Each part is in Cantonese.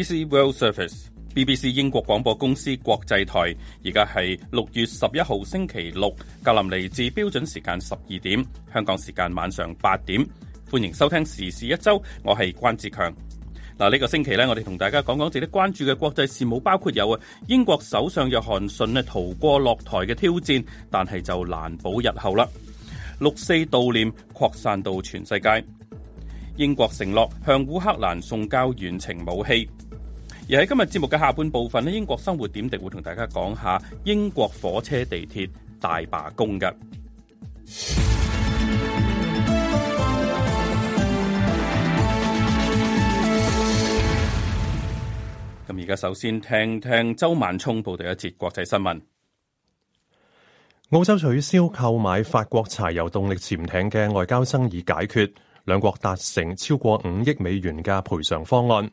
BBC World Service、BBC 英國廣播公司國際台，而家係六月十一號星期六，格林尼治標準時間十二點，香港時間晚上八點，歡迎收聽時事一周，我係關志強。嗱，呢、這個星期咧，我哋同大家講講值得關注嘅國際事務，包括有啊，英國首相約翰遜咧逃過落台嘅挑戰，但係就難保日後啦。六四悼念擴散到全世界，英國承諾向烏克蘭送交遠程武器。而喺今日節目嘅下半部分咧，英國生活點滴會同大家講下英國火車地鐵大罷工嘅。咁而家首先聽聽周晚聰報第一節國際新聞。澳洲取消購買法國柴油動力潛艇嘅外交爭議解決，兩國達成超過五億美元嘅賠償方案。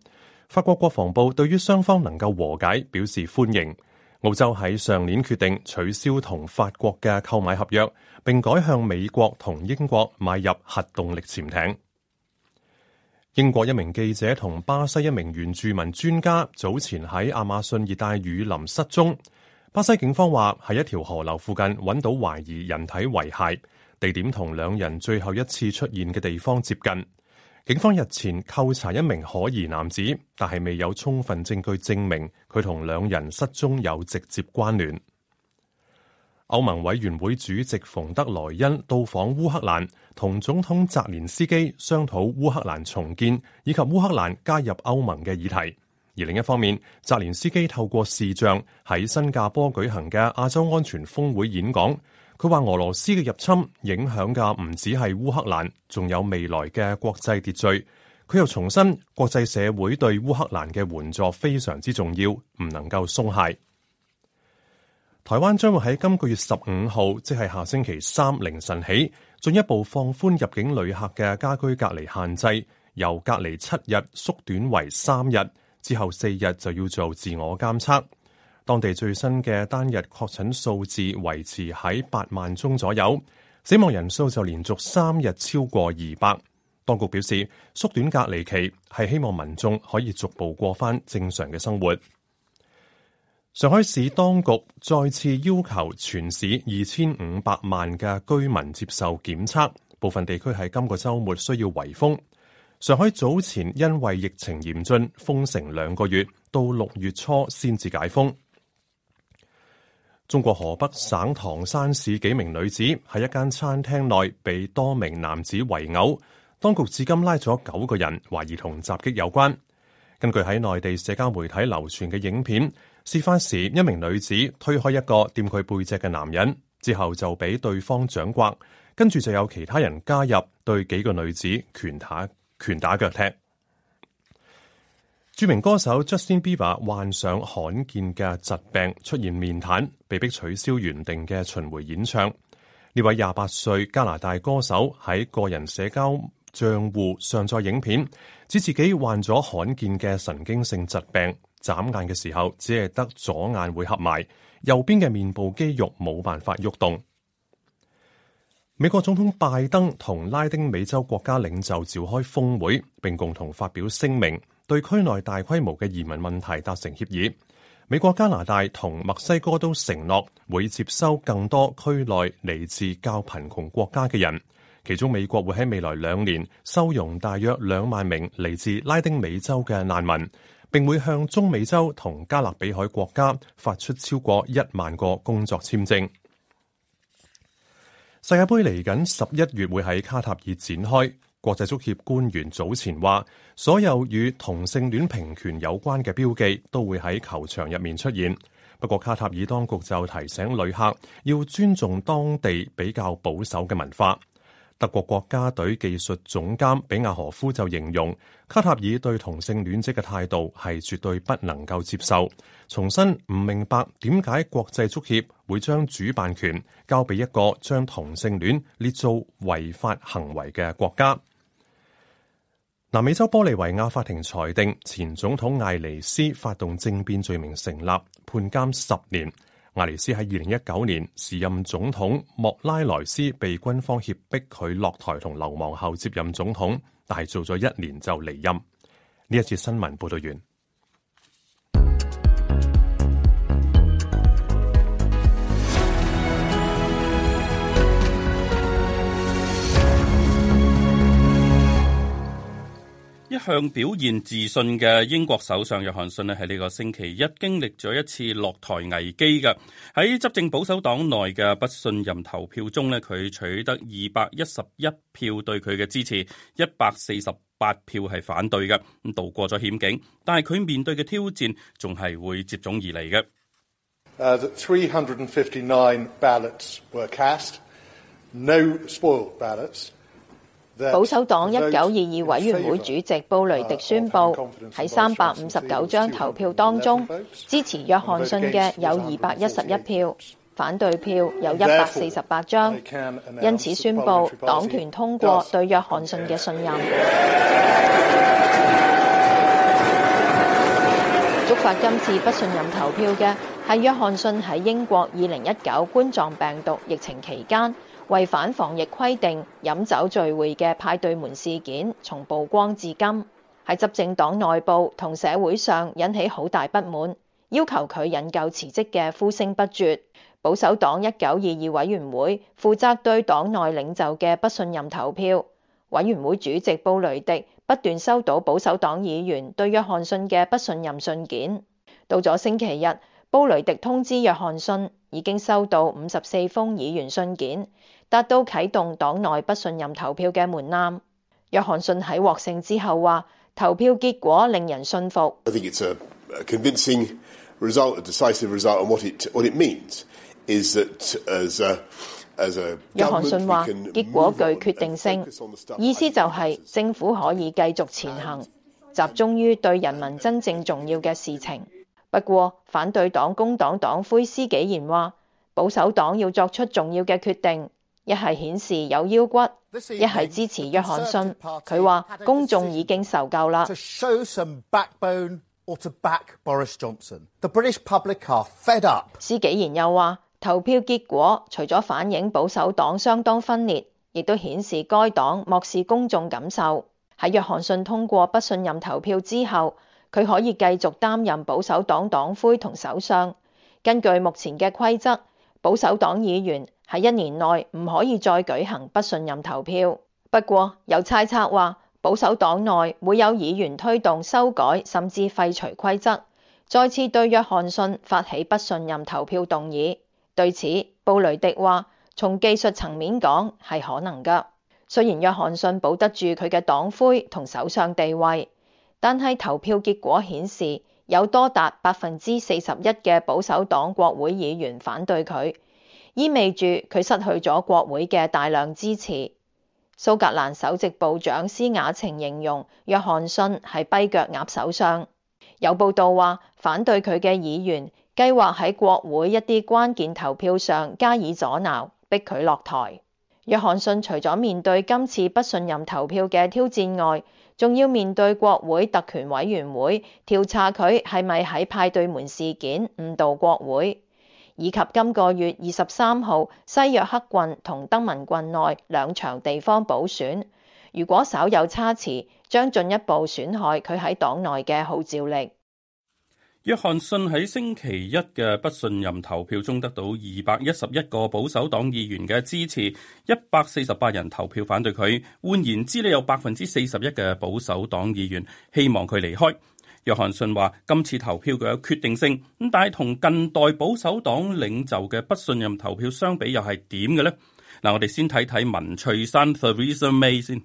法國國防部對於雙方能夠和解表示歡迎。澳洲喺上年決定取消同法國嘅購買合約，並改向美國同英國買入核動力潛艇。英國一名記者同巴西一名原住民專家早前喺亞馬遜熱帶雨林失蹤。巴西警方話喺一條河流附近揾到懷疑人體遺骸，地點同兩人最後一次出現嘅地方接近。警方日前扣查一名可疑男子，但係未有充分證據證明佢同兩人失蹤有直接關聯。歐盟委員會主席馮德萊恩到訪烏克蘭，同總統澤連斯基商討烏克蘭重建以及烏克蘭加入歐盟嘅議題。而另一方面，澤連斯基透過視像喺新加坡舉行嘅亞洲安全峰會演講。佢話俄羅斯嘅入侵影響嘅唔止係烏克蘭，仲有未來嘅國際秩序。佢又重申，國際社會對烏克蘭嘅援助非常之重要，唔能夠鬆懈。台灣將會喺今個月十五號，即係下星期三凌晨起，進一步放寬入境旅客嘅家居隔離限制，由隔離七日縮短為三日，之後四日就要做自我監測。當地最新嘅單日確診數字維持喺八萬宗左右，死亡人數就連續三日超過二百。當局表示，縮短隔離期係希望民眾可以逐步過返正常嘅生活。上海市當局再次要求全市二千五百萬嘅居民接受檢測，部分地區喺今個週末需要圍封。上海早前因為疫情嚴峻，封城兩個月，到六月初先至解封。中國河北省唐山市幾名女子喺一間餐廳內被多名男子圍毆，當局至今拉咗九個人，懷疑同襲擊有關。根據喺內地社交媒體流傳嘅影片，事發時一名女子推開一個掂佢背脊嘅男人，之後就俾對方掌摑，跟住就有其他人加入，對幾個女子拳打拳打腳踢。著名歌手 Justin Bieber 患上罕見嘅疾病，出現面癱，被迫取消原定嘅巡迴演唱。呢位廿八歲加拿大歌手喺個人社交賬戶上載影片，指自己患咗罕見嘅神經性疾病，眨眼嘅時候只係得左眼會合埋，右邊嘅面部肌肉冇辦法喐動。美國總統拜登同拉丁美洲國家領袖召開峰會，並共同發表聲明。對區內大規模嘅移民問題達成協議，美國、加拿大同墨西哥都承諾會接收更多區內嚟自較貧窮國家嘅人。其中美國會喺未來兩年收容大約兩萬名嚟自拉丁美洲嘅難民，並會向中美洲同加勒比海國家發出超過一萬個工作簽證。世界盃嚟緊十一月會喺卡塔爾展開。國際足協官員早前話，所有與同性戀平權有關嘅標記都會喺球場入面出現。不過卡塔爾當局就提醒旅客要尊重當地比較保守嘅文化。德國國家隊技術總監比亞何夫就形容卡塔爾對同性戀者嘅態度係絕對不能夠接受。重申唔明白點解國際足協會將主辦權交俾一個將同性戀列做違法行為嘅國家。南美洲玻利維亞法庭裁定前總統艾尼斯發動政變罪名成立，判監十年。艾尼斯喺二零一九年時任總統莫拉萊斯被軍方脅迫佢落台，同流亡後接任總統，但係做咗一年就離任。呢一次新聞報道完。向表現自信嘅英國首相約翰遜咧，喺呢個星期一經歷咗一次落台危機嘅喺執政保守黨內嘅不信任投票中呢佢取得二百一十一票對佢嘅支持，一百四十八票係反對嘅，咁度過咗險境，但係佢面對嘅挑戰仲係會接踵而嚟嘅。The three hundred and fifty nine ballots were cast, no spoiled ballots. 保守黨一九二二委員會主席布雷迪宣布，喺三百五十九張投票當中，支持約翰遜嘅有二百一十一票，反對票有一百四十八張，因此宣布黨團通過對約翰遜嘅信任。觸 發今次不信任投票嘅係約翰遜喺英國二零一九冠狀病毒疫情期間，違反防疫規定飲酒聚會嘅派對門事件，從曝光至今喺執政黨內部同社會上引起好大不滿，要求佢引咎辭職嘅呼聲不絕。保守黨一九二二委員會負責對黨內領袖嘅不信任投票，委員會主席布雷迪不斷收到保守黨議員對約翰遜嘅不信任信件。到咗星期日，布雷迪通知約翰遜已經收到五十四封議員信件。達到啟動黨內不信任投票嘅門檻。約翰遜喺獲勝之後話，投票結果令人信服。約翰遜話，結果具決定性，意思就係政府可以繼續前行，集中於對人民真正重要嘅事情。不過，反對黨工黨黨魁施紀賢話，保守黨要作出重要嘅決定。一係顯示有腰骨，一係支持約翰遜。佢話：公眾已經受夠啦。施紀賢又話：投票結果除咗反映保守黨相當分裂，亦都顯示該黨漠視公眾感受。喺約翰遜通過不信任投票之後，佢可以繼續擔任保守黨黨魁同首相。根據目前嘅規則。保守黨議員喺一年內唔可以再舉行不信任投票。不過有猜測話，保守黨內會有議員推動修改甚至廢除規則，再次對約翰遜發起不信任投票動議。對此，布雷迪話：從技術層面講係可能噶。雖然約翰遜保得住佢嘅黨魁同首相地位，但係投票結果顯示，有多達百分之四十一嘅保守黨國會議員反對佢，意味住佢失去咗國會嘅大量支持。蘇格蘭首席部長施雅晴形容約翰遜係跛腳鴨首相。有報道話，反對佢嘅議員計劃喺國會一啲關鍵投票上加以阻撓，逼佢落台。約翰遜除咗面對今次不信任投票嘅挑戰外，仲要面對國會特權委員會調查佢係咪喺派對門事件誤導國會，以及今個月二十三號西約克郡同德文郡內兩場地方補選，如果稍有差池，將進一步損害佢喺黨內嘅號召力。約翰遜喺星期一嘅不信任投票中得到二百一十一個保守黨議員嘅支持，一百四十八人投票反對佢。換言之，咧，有百分之四十一嘅保守黨議員希望佢離開。約翰遜話今次投票具有決定性，但係同近代保守黨領袖嘅不信任投票相比又，又係點嘅咧？嗱，我哋先睇睇文翠山 Theresa May 先。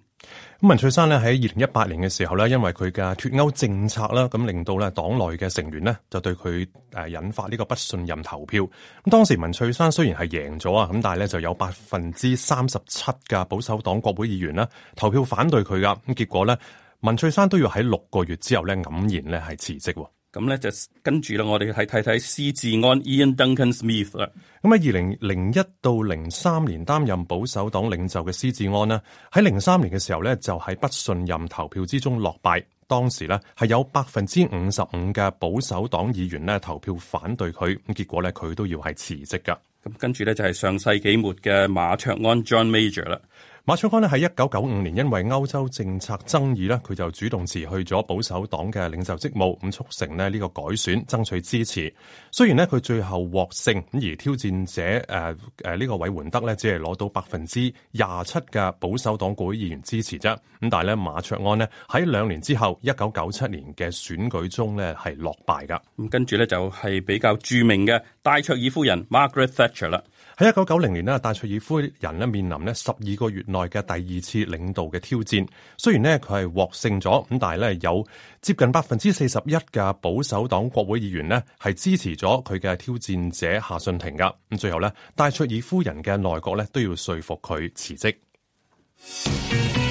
咁文翠山咧喺二零一八年嘅時候咧，因為佢嘅脫歐政策啦，咁令到咧黨內嘅成員咧就對佢誒引發呢個不信任投票。咁當時文翠山雖然係贏咗啊，咁但係咧就有百分之三十七嘅保守黨國會議員啦投票反對佢噶。咁結果咧，文翠山都要喺六個月之後咧黯然咧係辭職。咁咧，就跟住啦，我哋睇睇睇施志安 Ian Duncan Smith 啦。咁喺二零零一到零三年擔任保守黨領袖嘅施志安咧，喺零三年嘅時候咧就喺不信任投票之中落敗，當時咧係有百分之五十五嘅保守黨議員咧投票反對佢，咁結果咧佢都要係辭職噶。咁跟住咧就係上世紀末嘅馬卓安 John Major 啦。馬卓安咧喺一九九五年因為歐洲政策爭議咧，佢就主動辭去咗保守黨嘅領袖職務，咁促成咧呢個改選，爭取支持。雖然呢，佢最後獲勝，咁而挑戰者誒誒呢個韋煥德咧只係攞到百分之廿七嘅保守黨國會議員支持啫。咁但係咧馬卓安咧喺兩年之後一九九七年嘅選舉中咧係落敗噶。咁跟住咧就係、是、比較著名嘅戴卓爾夫人 Margaret Thatcher 啦。喺一九九零年咧，戴卓爾夫人咧面臨咧十二個月內嘅第二次領導嘅挑戰。雖然咧佢係獲勝咗，咁但係咧有接近百分之四十一嘅保守黨國會議員咧係支持咗佢嘅挑戰者夏信廷噶。咁最後咧，戴卓爾夫人嘅內閣咧都要說服佢辭職。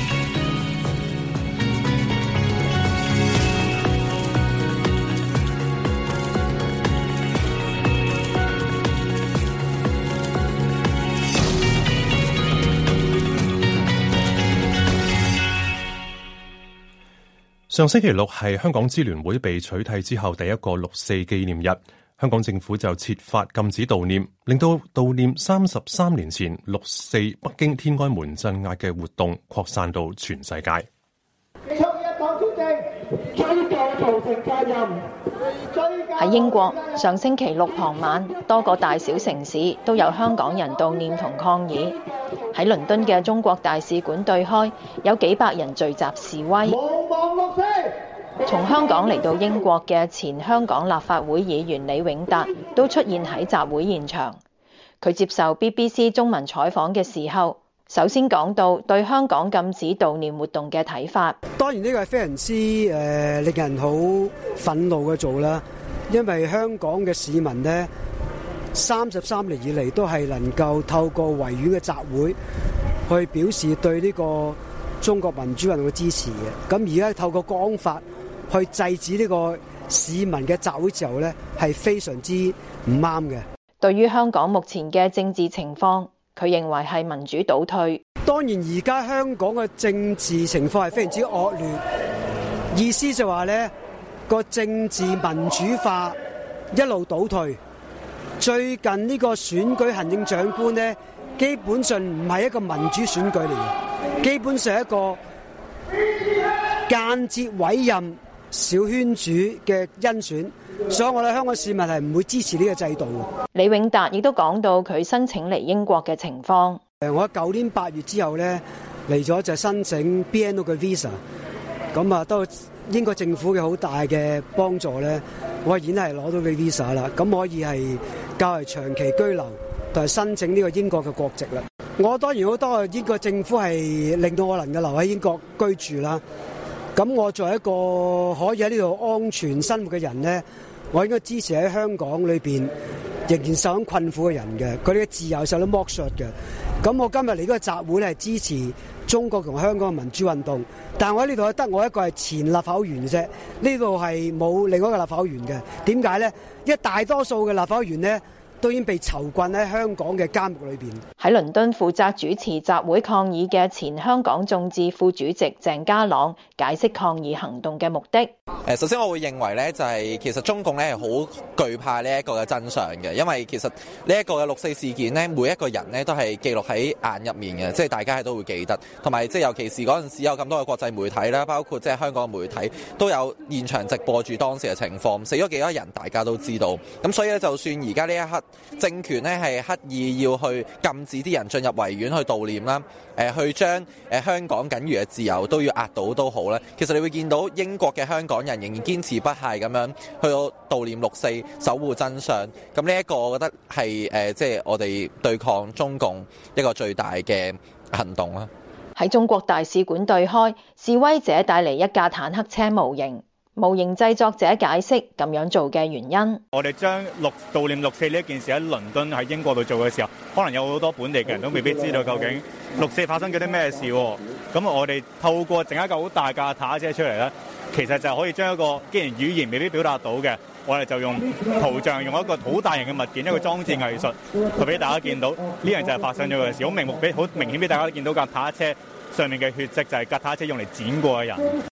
上星期六係香港支聯會被取締之後第一個六四紀念日，香港政府就設法禁止悼念，令到悼念三十三年前六四北京天安門鎮壓嘅活動擴散到全世界。喺英國，上星期六傍晚，多個大小城市都有香港人悼念同抗議。喺倫敦嘅中國大使館對開，有幾百人聚集示威。從香港嚟到英國嘅前香港立法會議員李永達都出現喺集會現場。佢接受 BBC 中文採訪嘅時候。首先講到對香港禁止悼念活動嘅睇法，當然呢個係非常之誒，令人好憤怒嘅做法，因為香港嘅市民呢，三十三年以嚟都係能夠透過維園嘅集會去表示對呢個中國民主運動嘅支持嘅，咁而家透過講法去制止呢個市民嘅集會時候呢係非常之唔啱嘅。對於香港目前嘅政治情況。佢認為係民主倒退。當然，而家香港嘅政治情況係非常之惡劣，意思就話呢個政治民主化一路倒退。最近呢個選舉行政長官呢，基本上唔係一個民主選舉嚟嘅，基本上係一個間接委任小圈子嘅甄選。所以我哋香港市民係唔會支持呢個制度。李永達亦都講到佢申請嚟英國嘅情況。誒，我喺舊年八月之後咧嚟咗就申請 BNO 嘅 visa，咁啊都英國政府嘅好大嘅幫助咧，我已經係攞到嘅 visa 啦，咁可以係較為長期居留同係申請呢個英國嘅國籍啦。我當然好多英國政府係令到我能夠留喺英國居住啦。咁我作為一個可以喺呢度安全生活嘅人咧，我應該支持喺香港裏邊仍然受到困苦嘅人嘅，佢哋嘅自由受到剝削嘅。咁我今日嚟呢個集會係支持中國同香港嘅民主運動，但係我喺呢度得我一個係前立法員嘅啫，呢度係冇另外一個立法員嘅。點解咧？因為大多數嘅立法員咧。都已經被囚困喺香港嘅監獄裏邊。喺倫敦負責主持集會抗議嘅前香港眾志副主席鄭家朗解釋抗議行動嘅目的。誒，首先我會認為咧，就係其實中共咧係好懼怕呢一個嘅真相嘅，因為其實呢一個嘅六四事件咧，每一個人咧都係記錄喺眼入面嘅，即係大家係都會記得。同埋即係尤其是嗰陣時有咁多嘅國際媒體啦，包括即係香港嘅媒體都有現場直播住當時嘅情況，死咗幾多人，大家都知道。咁所以咧，就算而家呢一刻。政權咧係刻意要去禁止啲人進入維園去悼念啦，誒去將誒香港僅餘嘅自由都要壓倒都好啦。其實你會見到英國嘅香港人仍然堅持不懈咁樣去到悼念六四、守護真相。咁呢一個我覺得係誒即係我哋對抗中共一個最大嘅行動啦。喺中國大使館對開，示威者帶嚟一架坦克車模型。模型製作者解釋咁樣做嘅原因。我哋將六悼念六四呢一件事喺倫敦喺英國度做嘅時候，可能有好多本地嘅人都未必知道究竟六四發生咗啲咩事。咁我哋透過整一架好大架塔車出嚟咧，其實就可以將一個既然語言未必表達到嘅，我哋就用圖像，用一個好大型嘅物件一個裝置藝術，就俾大家見到呢樣就係發生咗嘅事，好明目，俾好明顯俾大家見到架塔車上面嘅血跡就係架塔車用嚟剪過嘅人。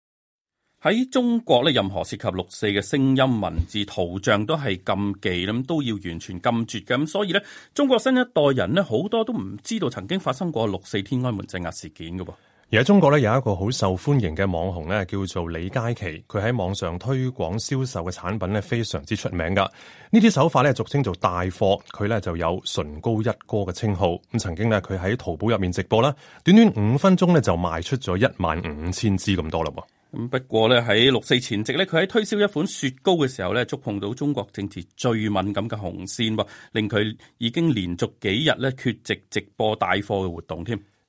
喺中國咧，任何涉及六四嘅聲音、文字、圖像都係禁忌咁，都要完全禁絕嘅。咁所以咧，中國新一代人咧，好多都唔知道曾經發生過六四天安門鎮壓事件嘅。而喺中國咧，有一個好受歡迎嘅網紅咧，叫做李佳琦。佢喺網上推廣銷售嘅產品咧，非常之出名噶。呢啲手法咧，俗稱做帶貨，佢咧就有唇膏一哥嘅稱號。咁曾經咧，佢喺淘寶入面直播啦，短短五分鐘咧就賣出咗一萬五千支咁多嘞啦。不過咧，喺六四前夕咧，佢喺推銷一款雪糕嘅時候咧，觸碰到中國政治最敏感嘅紅線，令佢已經連續幾日咧缺席直播帶貨嘅活動。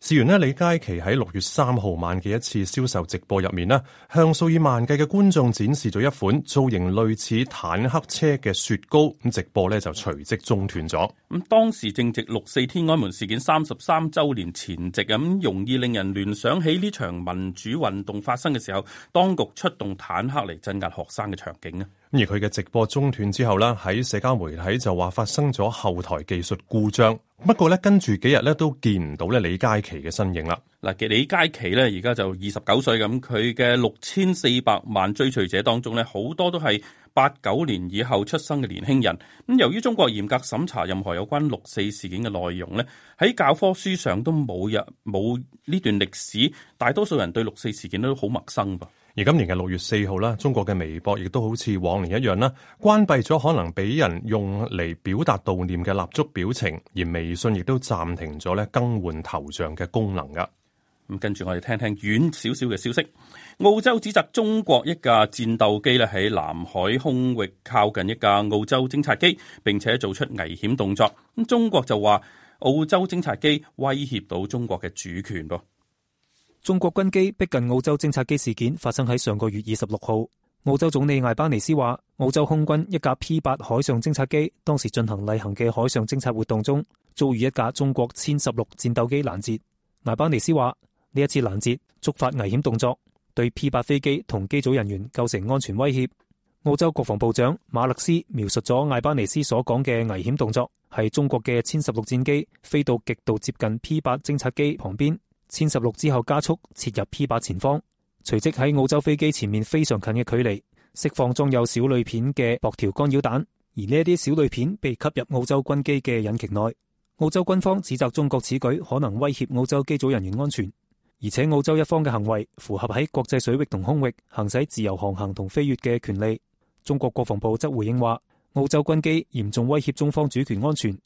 事緣呢，李佳琦喺六月三號晚嘅一次銷售直播入面咧，向數以萬計嘅觀眾展示咗一款造型類似坦克車嘅雪糕，咁直播咧就隨即中斷咗。咁當時正值六四天安門事件三十三周年前夕，咁容易令人聯想起呢場民主運動發生嘅時候，當局出動坦克嚟鎮壓學生嘅場景啊！而佢嘅直播中斷之後呢，喺社交媒體就話發生咗後台技術故障。不過咧，跟住幾日咧都見唔到咧李佳琦嘅身影啦。嗱，李佳琦咧而家就二十九歲咁，佢嘅六千四百萬追隨者當中咧，好多都係八九年以後出生嘅年輕人。咁由於中國嚴格審查任何有關六四事件嘅內容咧，喺教科書上都冇日冇呢段歷史，大多數人對六四事件都好陌生噃。而今年嘅六月四號啦，中國嘅微博亦都好似往年一樣啦，關閉咗可能俾人用嚟表達悼念嘅蠟燭表情，而微信亦都暫停咗咧更換頭像嘅功能噶。咁跟住我哋聽聽遠少少嘅消息，澳洲指責中國一架戰鬥機咧喺南海空域靠近一架澳洲偵察機，並且做出危險動作。咁中國就話澳洲偵察機威脅到中國嘅主權噃。中國軍機逼近澳洲偵察機事件發生喺上個月二十六號。澳洲總理艾巴尼斯話，澳洲空軍一架 P 八海上偵察機當時進行例行嘅海上偵察活動中，遭遇一架中國殲十六戰鬥機攔截。艾巴尼斯話，呢一次攔截觸發危險動作，對 P 八飛機同機組人員構成安全威脅。澳洲國防部長馬勒斯描述咗艾巴尼斯所講嘅危險動作係中國嘅殲十六戰機飛到極度接近 P 八偵察機旁邊。殲十六之後加速切入 P 八前方，隨即喺澳洲飛機前面非常近嘅距離釋放裝有小鋁片嘅薄條干擾彈，而呢啲小鋁片被吸入澳洲軍機嘅引擎內。澳洲軍方指責中國此舉可能威脅澳洲機組人員安全，而且澳洲一方嘅行為符合喺國際水域同空域行使自由航行同飛越嘅權利。中國國防部則回應話，澳洲軍機嚴重威脅中方主權安全，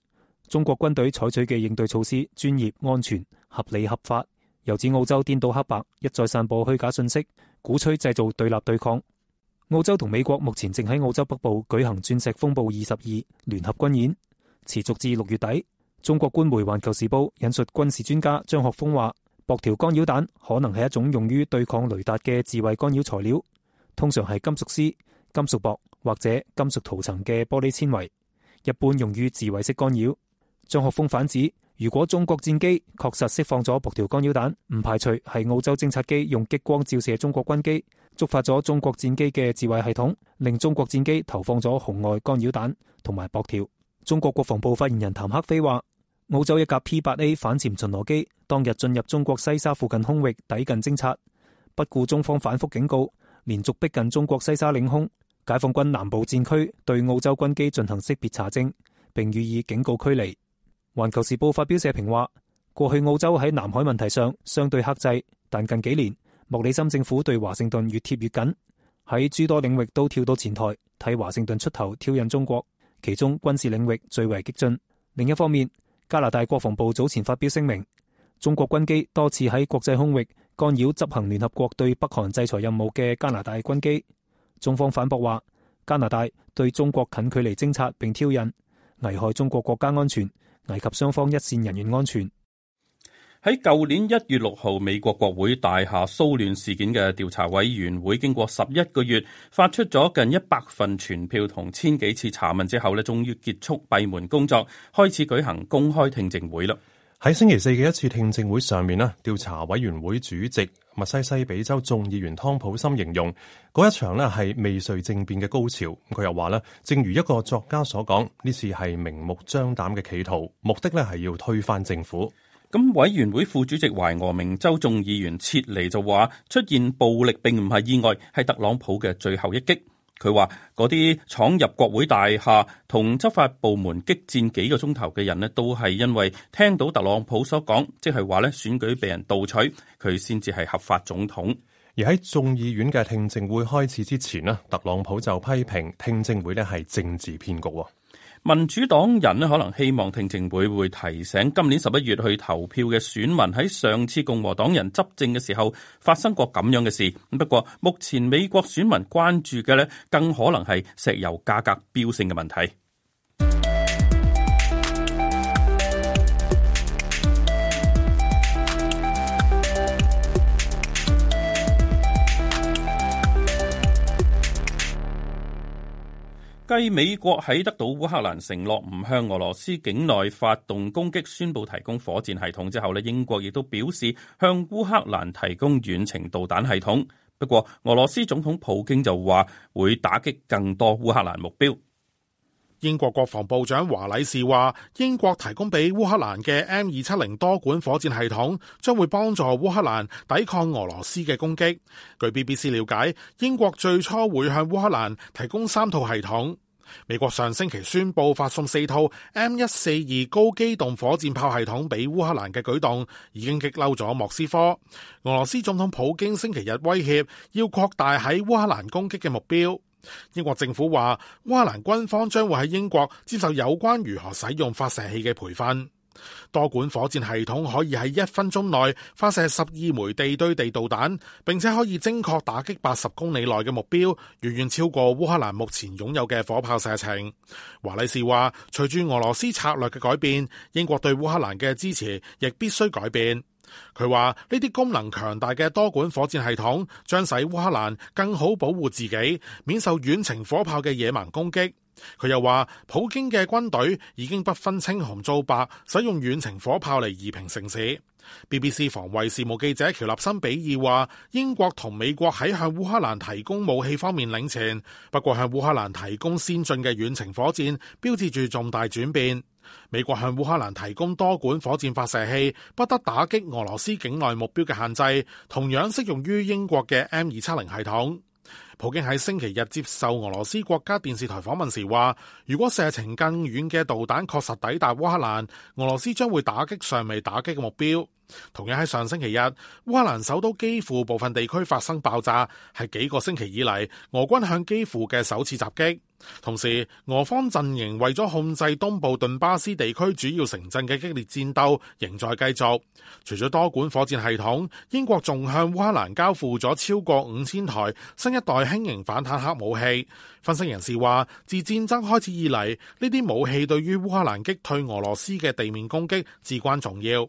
中國軍隊採取嘅應對措施專業安全，合理合法，又指澳洲顛倒黑白，一再散布虛假信息，鼓吹製造對立對抗。澳洲同美國目前正喺澳洲北部舉行鑽石風暴二十二聯合軍演，持續至六月底。中國官媒環球時報引述軍事專家張學峰話：薄條干擾彈可能係一種用於對抗雷達嘅智慧干擾材料，通常係金屬絲、金屬箔或者金屬塗層嘅玻璃纖維，一般用於自衛式干擾。張學峰反指。如果中國戰機確實釋放咗薄條干擾彈，唔排除係澳洲偵察機用激光照射中國軍機，觸發咗中國戰機嘅智慧系統，令中國戰機投放咗紅外干擾彈同埋薄條。中國國防部發言人譚克非話：澳洲一架 P 八 A 反潛巡邏機當日進入中國西沙附近空域抵近偵察，不顧中方反覆警告，連續逼近中國西沙領空，解放軍南部戰區對澳洲軍機進行識別查證，並予以警告驅離。環球時報發表社評話，過去澳洲喺南海問題上相對克制，但近幾年莫里森政府對華盛頓越貼越緊，喺諸多領域都跳到前台，睇華盛頓出頭挑釁中國。其中軍事領域最為激進。另一方面，加拿大國防部早前發表聲明，中國軍機多次喺國際空域干擾執行聯合國對北韓制裁任務嘅加拿大軍機。中方反駁話，加拿大對中國近距離偵察並挑釁，危害中國國家安全。危及雙方一線人員安全。喺舊年一月六號，美國國會大廈騷亂事件嘅調查委員會經過十一個月，發出咗近一百份傳票同千幾次查問之後咧，終於結束閉門工作，開始舉行公開聽證會啦。喺星期四嘅一次聽證會上面啦，調查委員會主席密西西比州眾議員湯普森形容嗰一場咧，係未遂政變嘅高潮。佢又話咧，正如一個作家所講，呢次係明目張膽嘅企圖，目的咧係要推翻政府。咁委員會副主席懷俄明州眾議員切尼就話，出現暴力並唔係意外，係特朗普嘅最後一擊。佢話：嗰啲闖入國會大廈同執法部門激戰幾個鐘頭嘅人呢，都係因為聽到特朗普所講，即係話呢選舉被人盜取，佢先至係合法總統。而喺眾議院嘅聽證會開始之前呢，特朗普就批評聽證會呢係政治騙局。民主黨人呢可能希望聽證會會提醒今年十一月去投票嘅選民喺上次共和黨人執政嘅時候發生過咁樣嘅事。不過目前美國選民關注嘅呢，更可能係石油價格飆升嘅問題。繼美國喺得到烏克蘭承諾唔向俄羅斯境內發動攻擊，宣布提供火箭系統之後呢，英國亦都表示向烏克蘭提供遠程導彈系統。不過，俄羅斯總統普京就話會打擊更多烏克蘭目標。英國國防部長華禮士話，英國提供俾烏克蘭嘅 M 二七零多管火箭系統，將會幫助烏克蘭抵抗俄羅斯嘅攻擊。據 BBC 了解，英國最初會向烏克蘭提供三套系統。美國上星期宣布發送四套 M 一四二高機動火箭炮系統俾烏克蘭嘅舉動，已經激嬲咗莫斯科。俄羅斯總統普京星期日威脅要擴大喺烏克蘭攻擊嘅目標。英國政府話，烏克蘭軍方將會喺英國接受有關如何使用發射器嘅培訓。多管火箭系統可以喺一分鐘內發射十二枚地對地導彈，並且可以精確打擊八十公里內嘅目標，遠遠超過烏克蘭目前擁有嘅火炮射程。華利士話，隨住俄羅斯策略嘅改變，英國對烏克蘭嘅支持亦必須改變。佢話呢啲功能強大嘅多管火箭系統將使烏克蘭更好保護自己，免受遠程火炮嘅野蠻攻擊。佢又話，普京嘅軍隊已經不分青紅皂白使用遠程火炮嚟夷平城市。BBC 防衛事務記者喬立森比爾話，英國同美國喺向烏克蘭提供武器方面領先，不過向烏克蘭提供先進嘅遠程火箭標誌住重大轉變。美國向烏克蘭提供多管火箭發射器，不得打擊俄羅斯境內目標嘅限制，同樣適用於英國嘅 M 二七零系統。普京喺星期日接受俄羅斯國家電視台訪問時話，如果射程更遠嘅導彈確實抵達烏克蘭，俄羅斯將會打擊尚未打擊嘅目標。同樣喺上星期日，烏克蘭首都基輔部分地區發生爆炸，係幾個星期以嚟俄軍向基輔嘅首次襲擊。同時，俄方陣營為咗控制東部頓巴斯地區主要城鎮嘅激烈戰鬥仍在繼續。除咗多管火箭系統，英國仲向烏克蘭交付咗超過五千台新一代輕型反坦克武器。分析人士話，自戰爭開始以嚟，呢啲武器對於烏克蘭擊退俄羅斯嘅地面攻擊至關重要。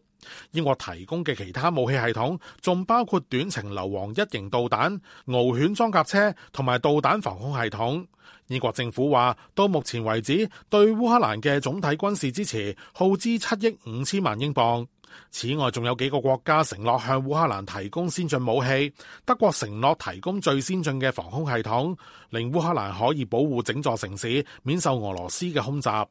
英國提供嘅其他武器系統仲包括短程硫磺一型導彈、獒犬裝甲車同埋導彈防空系統。英國政府話，到目前為止，對烏克蘭嘅總體軍事支持耗資七億五千萬英鎊。此外，仲有幾個國家承諾向烏克蘭提供先進武器。德國承諾提供最先進嘅防空系統，令烏克蘭可以保護整座城市免受俄羅斯嘅空襲。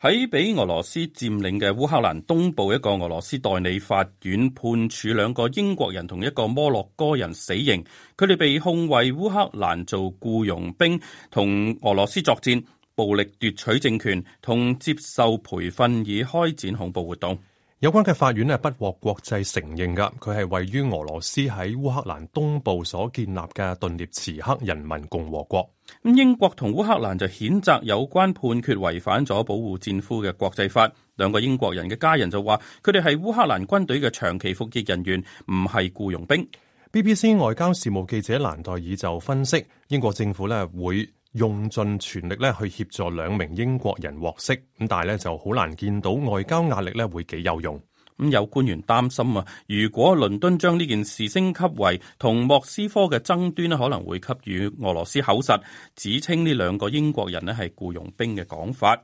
喺被俄羅斯佔領嘅烏克蘭東部一個俄羅斯代理法院判處兩個英國人同一個摩洛哥人死刑，佢哋被控為烏克蘭做僱傭兵，同俄羅斯作戰、暴力奪取政權、同接受培訓以開展恐怖活動。有關嘅法院咧，不獲國際承認噶，佢係位於俄羅斯喺烏克蘭東部所建立嘅頓涅茨克人民共和國。咁英國同烏克蘭就譴責有關判決違反咗保護戰俘嘅國際法。兩個英國人嘅家人就話佢哋係烏克蘭軍隊嘅長期服役人員，唔係僱傭兵。BBC 外交事務記者蘭戴爾就分析，英國政府咧會。用盡全力咧去協助兩名英國人獲釋，咁但係咧就好難見到外交壓力咧會幾有，有用。咁，嗯，有官員擔心啊，如果倫敦將呢件事升級為同莫斯科嘅爭端咧，可能會給予俄羅斯口實，指稱呢兩個英國人咧係僱傭兵嘅講法。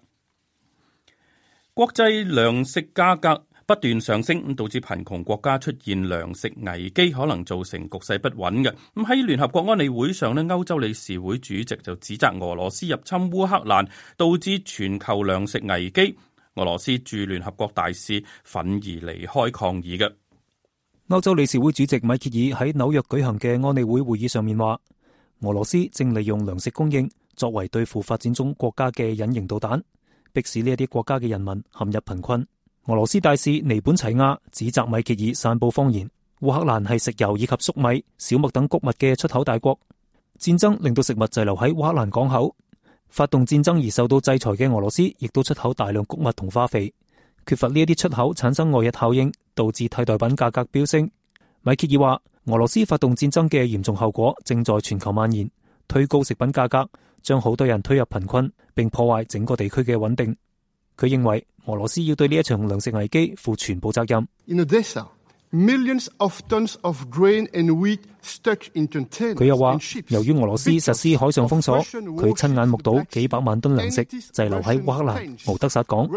國際糧食價格。不斷上升，導致貧窮國家出現糧食危機，可能造成局勢不穩嘅。咁喺聯合國安理會上呢，歐洲理事會主席就指責俄羅斯入侵烏克蘭，導致全球糧食危機。俄羅斯駐聯合國大使憤而離開抗議嘅。歐洲理事會主席米歇爾喺紐約舉行嘅安理會會議上面話，俄羅斯正利用糧食供應作為對付發展中國家嘅隱形導彈，迫使呢一啲國家嘅人民陷入貧困。俄羅斯大使尼本齊亞指責米歇爾散布謊言。烏克蘭係食油以及粟米、小麥等谷物嘅出口大國，戰爭令到食物滯留喺烏克蘭港口。發動戰爭而受到制裁嘅俄羅斯，亦都出口大量谷物同化肥。缺乏呢一啲出口，產生外溢效應，導致替代品價格飆升。米歇爾話：俄羅斯發動戰爭嘅嚴重後果正在全球蔓延，推高食品價格，將好多人推入貧困，並破壞整個地區嘅穩定。佢認為俄羅斯要對呢一場糧食危機負全部責任。佢又話，由於俄羅斯實施海上封鎖，佢親眼目睹幾百萬噸糧食滯留喺烏克蘭敖德薩港。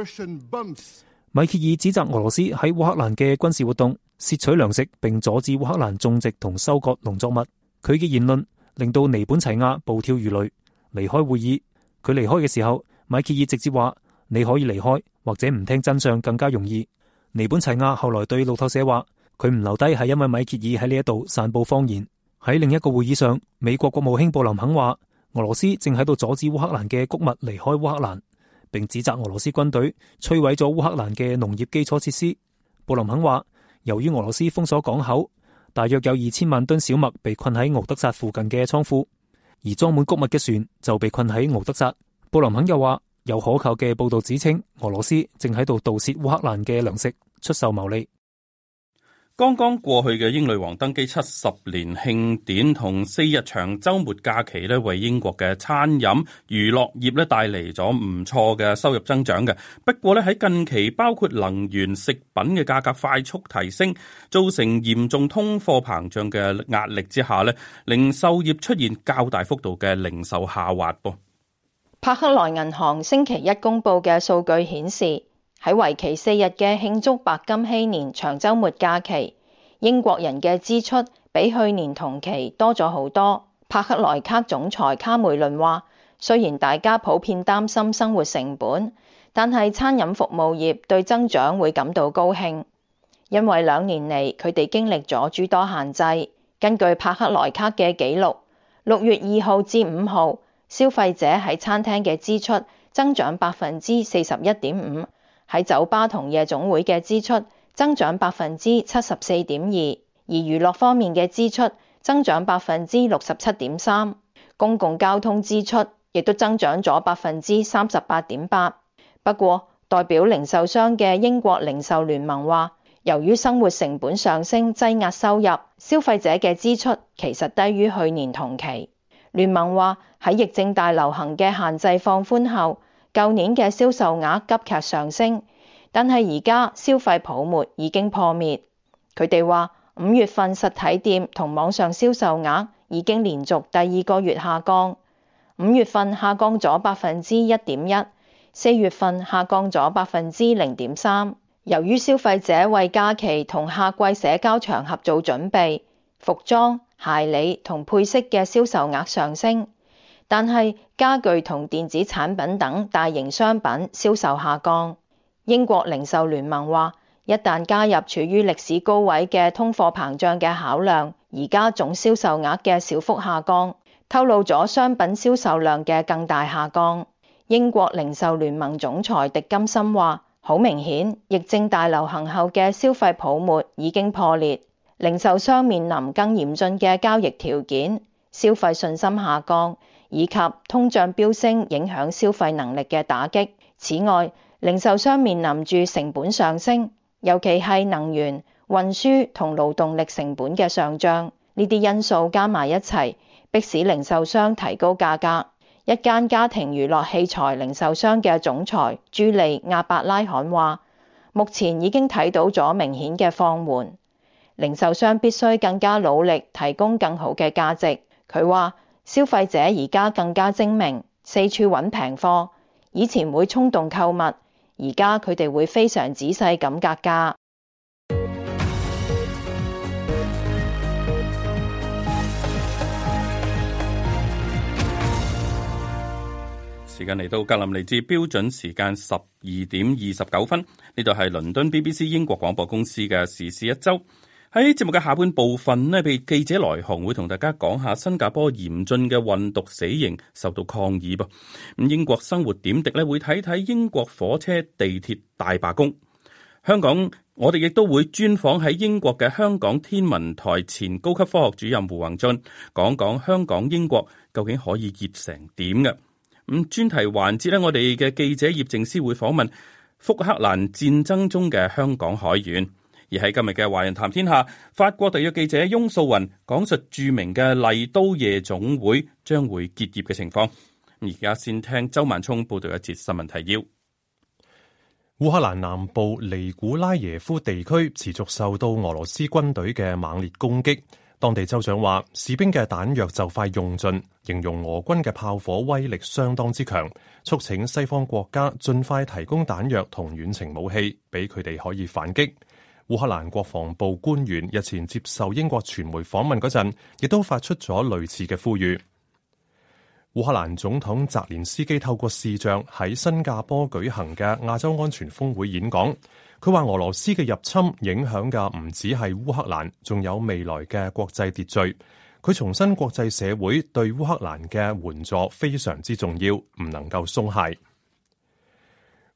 米歇爾指責俄羅斯喺烏克蘭嘅軍事活動，竊取糧食並阻止烏克蘭種植同收割農作物。佢嘅言論令到尼本齊亞暴跳如雷。離開會議，佢離開嘅時候，米歇爾直接話。你可以離開，或者唔聽真相更加容易。尼本齊亞後來對路透社話：佢唔留低係因為米歇爾喺呢一度散布謊言。喺另一個會議上，美國國務卿布林肯話：俄羅斯正喺度阻止烏克蘭嘅穀物離開烏克蘭，並指責俄羅斯軍隊摧毀咗烏克蘭嘅農業基礎設施。布林肯話：由於俄羅斯封鎖港口，大約有二千萬噸小麥被困喺奧德薩附近嘅倉庫，而裝滿穀物嘅船就被困喺奧德薩。布林肯又話：有可靠嘅報道指稱，俄羅斯正喺度盜竊烏克蘭嘅糧食，出售牟利。剛剛過去嘅英女王登基七十年慶典同四日長周末假期呢，為英國嘅餐飲娛樂業呢帶嚟咗唔錯嘅收入增長嘅。不過呢，喺近期包括能源、食品嘅價格快速提升，造成嚴重通貨膨脹嘅壓力之下呢，零售業出現較大幅度嘅零售下滑噃。帕克萊銀行星期一公布嘅數據顯示，喺為期四日嘅慶祝白金禧年長周末假期，英國人嘅支出比去年同期多咗好多。帕克萊卡總裁卡梅倫話，雖然大家普遍擔心生活成本，但係餐飲服務業對增長會感到高興，因為兩年嚟佢哋經歷咗諸多限制。根據帕克萊卡嘅記錄，六月二號至五號，消費者喺餐廳嘅支出增長百分之四十一點五，喺酒吧同夜總會嘅支出增長百分之七十四點二，而娛樂方面嘅支出增長百分之六十七點三，公共交通支出亦都增長咗百分之三十八點八。不過，代表零售商嘅英國零售聯盟話，由於生活成本上升，擠壓收入，消費者嘅支出其實低於去年同期。聯盟話喺疫症大流行嘅限制放寬後，舊年嘅銷售額急劇上升，但係而家消費泡沫已經破滅。佢哋話五月份實體店同網上銷售額已經連續第二個月下降，五月份下降咗百分之一點一，四月份下降咗百分之零點三。由於消費者爲假期同夏季社交場合做準備，服裝。鞋履同配飾嘅銷售額上升，但係家具同電子產品等大型商品銷售下降。英國零售聯盟話，一旦加入處於歷史高位嘅通貨膨脹嘅考量，而家總銷售額嘅小幅下降，透露咗商品銷售量嘅更大下降。英國零售聯盟總裁狄金森話，好明顯，疫症大流行後嘅消費泡沫已經破裂。零售商面臨更嚴峻嘅交易條件、消費信心下降以及通脹飆升影響消費能力嘅打擊。此外，零售商面臨住成本上升，尤其係能源、運輸同勞動力成本嘅上漲。呢啲因素加埋一齊，迫使零售商提高價格。一間家，家庭娛樂器材零售商嘅總裁朱莉亞·亞伯拉罕話，目前已經睇到咗明顯嘅放緩。零售商必須更加努力，提供更好嘅價值。佢話：消費者而家更加精明，四處揾平貨。以前會衝動購物，而家佢哋會非常仔細咁格價。時間嚟到格林尼治標準時間十二點二十九分。呢度係倫敦 BBC 英國廣播公司嘅時事一周。喺節目嘅下半部分呢，被記者來鴻會同大家講下新加坡嚴峻嘅運毒死刑受到抗議噃。咁英國生活點滴呢？會睇睇英國火車地鐵大罷工。香港我哋亦都會專訪喺英國嘅香港天文台前高級科學主任胡宏俊，講講香港英國究竟可以熱成點嘅。咁專題環節呢，我哋嘅記者葉靜思會訪問福克蘭戰爭中嘅香港海員。而喺今日嘅《華人談天下》，法國特約記者翁素雲講述著名嘅麗都夜總會將會結業嘅情況。而家先聽周萬聰報道一節新聞提要。烏克蘭南部尼古拉耶夫地區持續受到俄羅斯軍隊嘅猛烈攻擊，當地州長話士兵嘅彈藥就快用盡，形容俄軍嘅炮火威力相當之強，促請西方國家盡快提供彈藥同遠程武器俾佢哋可以反擊。烏克蘭國防部官員日前接受英國傳媒訪問嗰陣，亦都發出咗類似嘅呼籲。烏克蘭總統澤連斯基透過視像喺新加坡舉行嘅亞洲安全峰會演講，佢話俄羅斯嘅入侵影響嘅唔止係烏克蘭，仲有未來嘅國際秩序。佢重申國際社會對烏克蘭嘅援助非常之重要，唔能夠鬆懈。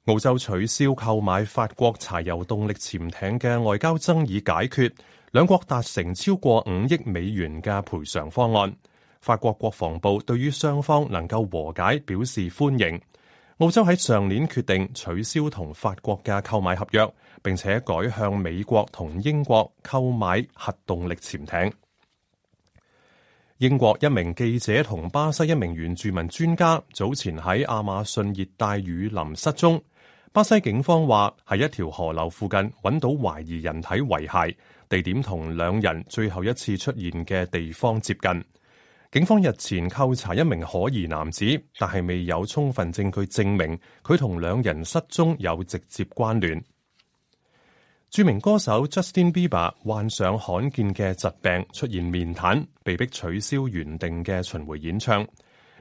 澳洲取消購買法國柴油動力潛艇嘅外交爭議解決，兩國達成超過五億美元嘅賠償方案。法國國防部對於雙方能夠和解表示歡迎。澳洲喺上年決定取消同法國嘅購買合約，並且改向美國同英國購買核動力潛艇。英國一名記者同巴西一名原住民專家早前喺亞馬遜熱帶雨林失蹤。巴西警方話，喺一條河流附近揾到懷疑人體遺骸，地點同兩人最後一次出現嘅地方接近。警方日前扣查一名可疑男子，但係未有充分證據證明佢同兩人失蹤有直接關聯。著名歌手 Justin Bieber 患上罕見嘅疾病，出現面癱，被迫取消原定嘅巡迴演唱。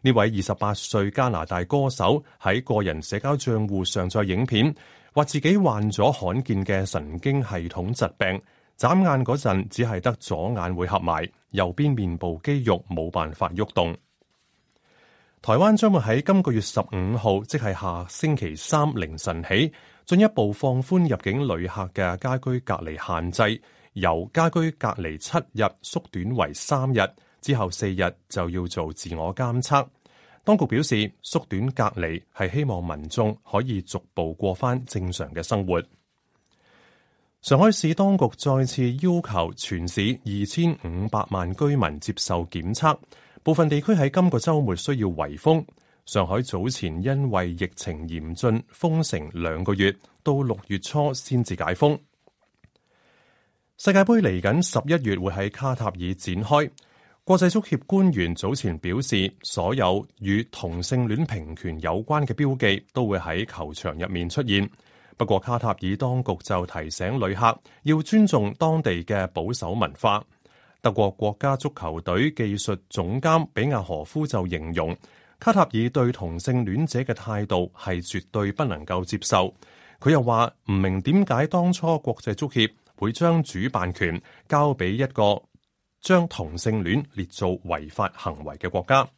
呢位二十八歲加拿大歌手喺個人社交賬戶上載影片，話自己患咗罕見嘅神經系統疾病，眨眼嗰陣只係得左眼會合埋，右邊面部肌肉冇辦法喐動。台灣將會喺今個月十五號，即係下星期三凌晨起，進一步放寬入境旅客嘅家居隔離限制，由家居隔離七日縮短為三日。之後四日就要做自我監測。當局表示，縮短隔離係希望民眾可以逐步過翻正常嘅生活。上海市當局再次要求全市二千五百萬居民接受檢測。部分地區喺今個周末需要圍封。上海早前因為疫情嚴峻，封城兩個月，到六月初先至解封。世界杯嚟緊十一月會喺卡塔爾展開。國際足協官員早前表示，所有與同性戀平權有關嘅標記都會喺球場入面出現。不過，卡塔爾當局就提醒旅客要尊重當地嘅保守文化。德國國家足球隊技術總監比亞何夫就形容卡塔爾對同性戀者嘅態度係絕對不能夠接受。佢又話唔明點解當初國際足協會將主辦權交俾一個。將同性戀列做違法行為嘅國家。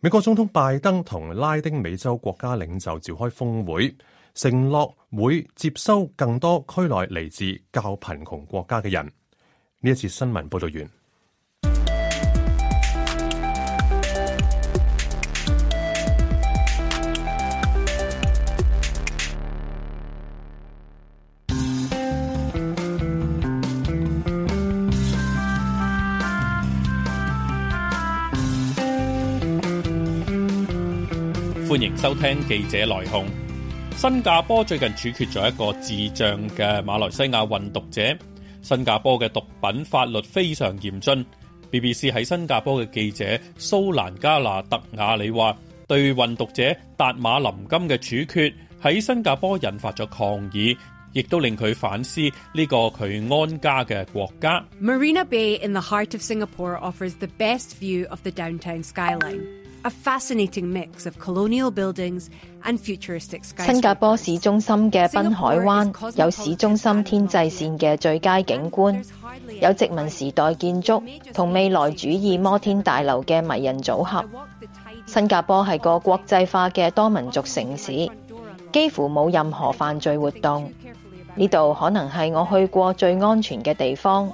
美國總統拜登同拉丁美洲國家領袖召開峰會，承諾會接收更多區內嚟自較貧窮國家嘅人。呢一次新聞報道完。歡迎收聽記者來鴻。新加坡最近處決咗一個智障嘅馬來西亞運毒者。新加坡嘅毒品法律非常嚴峻。BBC 喺新加坡嘅記者蘇蘭加納特亞里話，對運毒者達馬林金嘅處決喺新加坡引發咗抗議，亦都令佢反思呢個佢安家嘅國家。Marina Bay in the heart of Singapore offers the best view of the downtown skyline. 新加坡市中心嘅濱海灣有市中心天際線嘅最佳景觀，有殖民時代建築同未來主義摩天大樓嘅迷人組合。新加坡係個國際化嘅多民族城市，幾乎冇任何犯罪活動。呢度可能係我去過最安全嘅地方。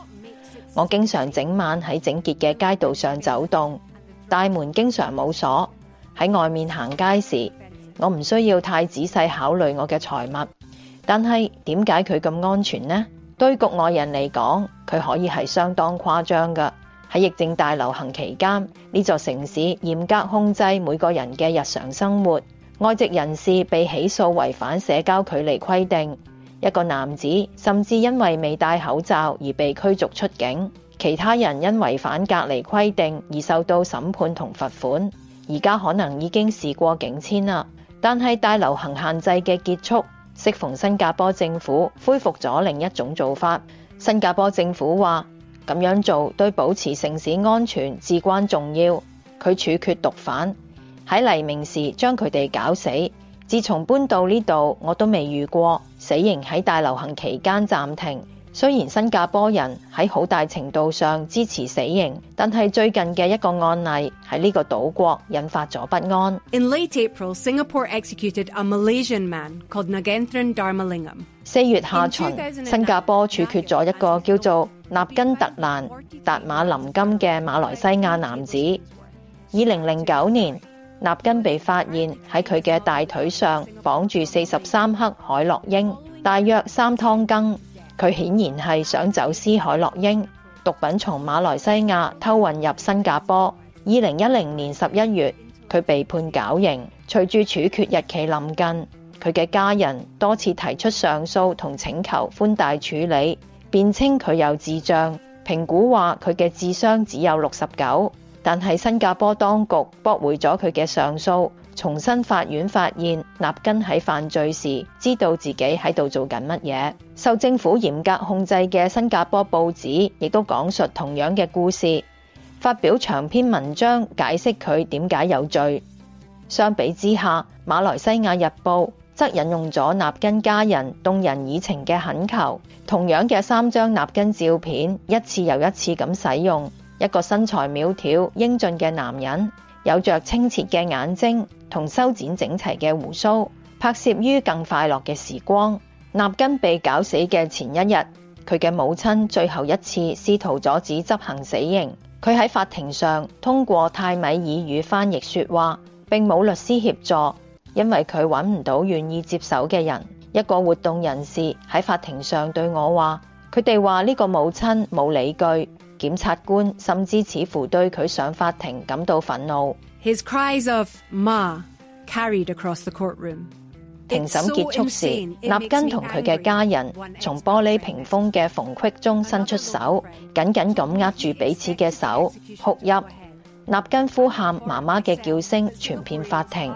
我經常整晚喺整潔嘅街道上走動。大門經常冇鎖，喺外面行街時，我唔需要太仔細考慮我嘅財物。但係點解佢咁安全呢？對局外人嚟講，佢可以係相當誇張㗎。喺疫症大流行期間，呢座城市嚴格控制每個人嘅日常生活，外籍人士被起訴違反社交距離規定，一個男子甚至因為未戴口罩而被驅逐出境。其他人因違反隔離規定而受到審判同罰款，而家可能已經事過境遷啦。但係大流行限制嘅結束，適逢新加坡政府恢復咗另一種做法。新加坡政府話，咁樣做對保持城市安全至關重要。佢處決毒販，喺黎明時將佢哋絞死。自從搬到呢度，我都未遇過死刑喺大流行期間暫停。雖然新加坡人喺好大程度上支持死刑，但係最近嘅一個案例喺呢個島國引發咗不安。In late April, Singapore executed a Malaysian man called Nagentran Darmalingam. 四月下旬，In 2009, 新加坡處決咗一個叫做納根特蘭達馬林金嘅馬來西亞男子。二零零九年，納根被發現喺佢嘅大腿上綁住四十三克海洛英，大約三湯羹。佢顯然係想走私海洛因毒品，從馬來西亞偷運入新加坡。二零一零年十一月，佢被判絞刑，隨住處決日期臨近，佢嘅家人多次提出上訴同請求寬大處理，辯稱佢有智障，評估話佢嘅智商只有六十九，但係新加坡當局駁回咗佢嘅上訴。重新法院發現納根喺犯罪時知道自己喺度做緊乜嘢。受政府嚴格控制嘅新加坡報紙亦都講述同樣嘅故事，發表長篇文章解釋佢點解有罪。相比之下，馬來西亞日報則引用咗納根家人動人以情嘅懇求，同樣嘅三張納根照片一次又一次咁使用。一個身材苗條、英俊嘅男人，有着清澈嘅眼睛。同修剪整齊嘅鬍鬚，拍攝於更快樂嘅時光。納根被絞死嘅前一日，佢嘅母親最後一次試圖阻止執行死刑。佢喺法庭上通過泰米爾語翻譯說話，並冇律師協助，因為佢揾唔到願意接手嘅人。一個活動人士喺法庭上對我話：「佢哋話呢個母親冇理據。」檢察官甚至似乎對佢上法庭感到憤怒。庭審 's、so、結束時，It 納根同佢嘅家人從玻璃屏風嘅縫隙中伸出手，緊緊咁握住彼此嘅手，哭泣。納根呼喊媽媽嘅叫聲，傳遍法庭。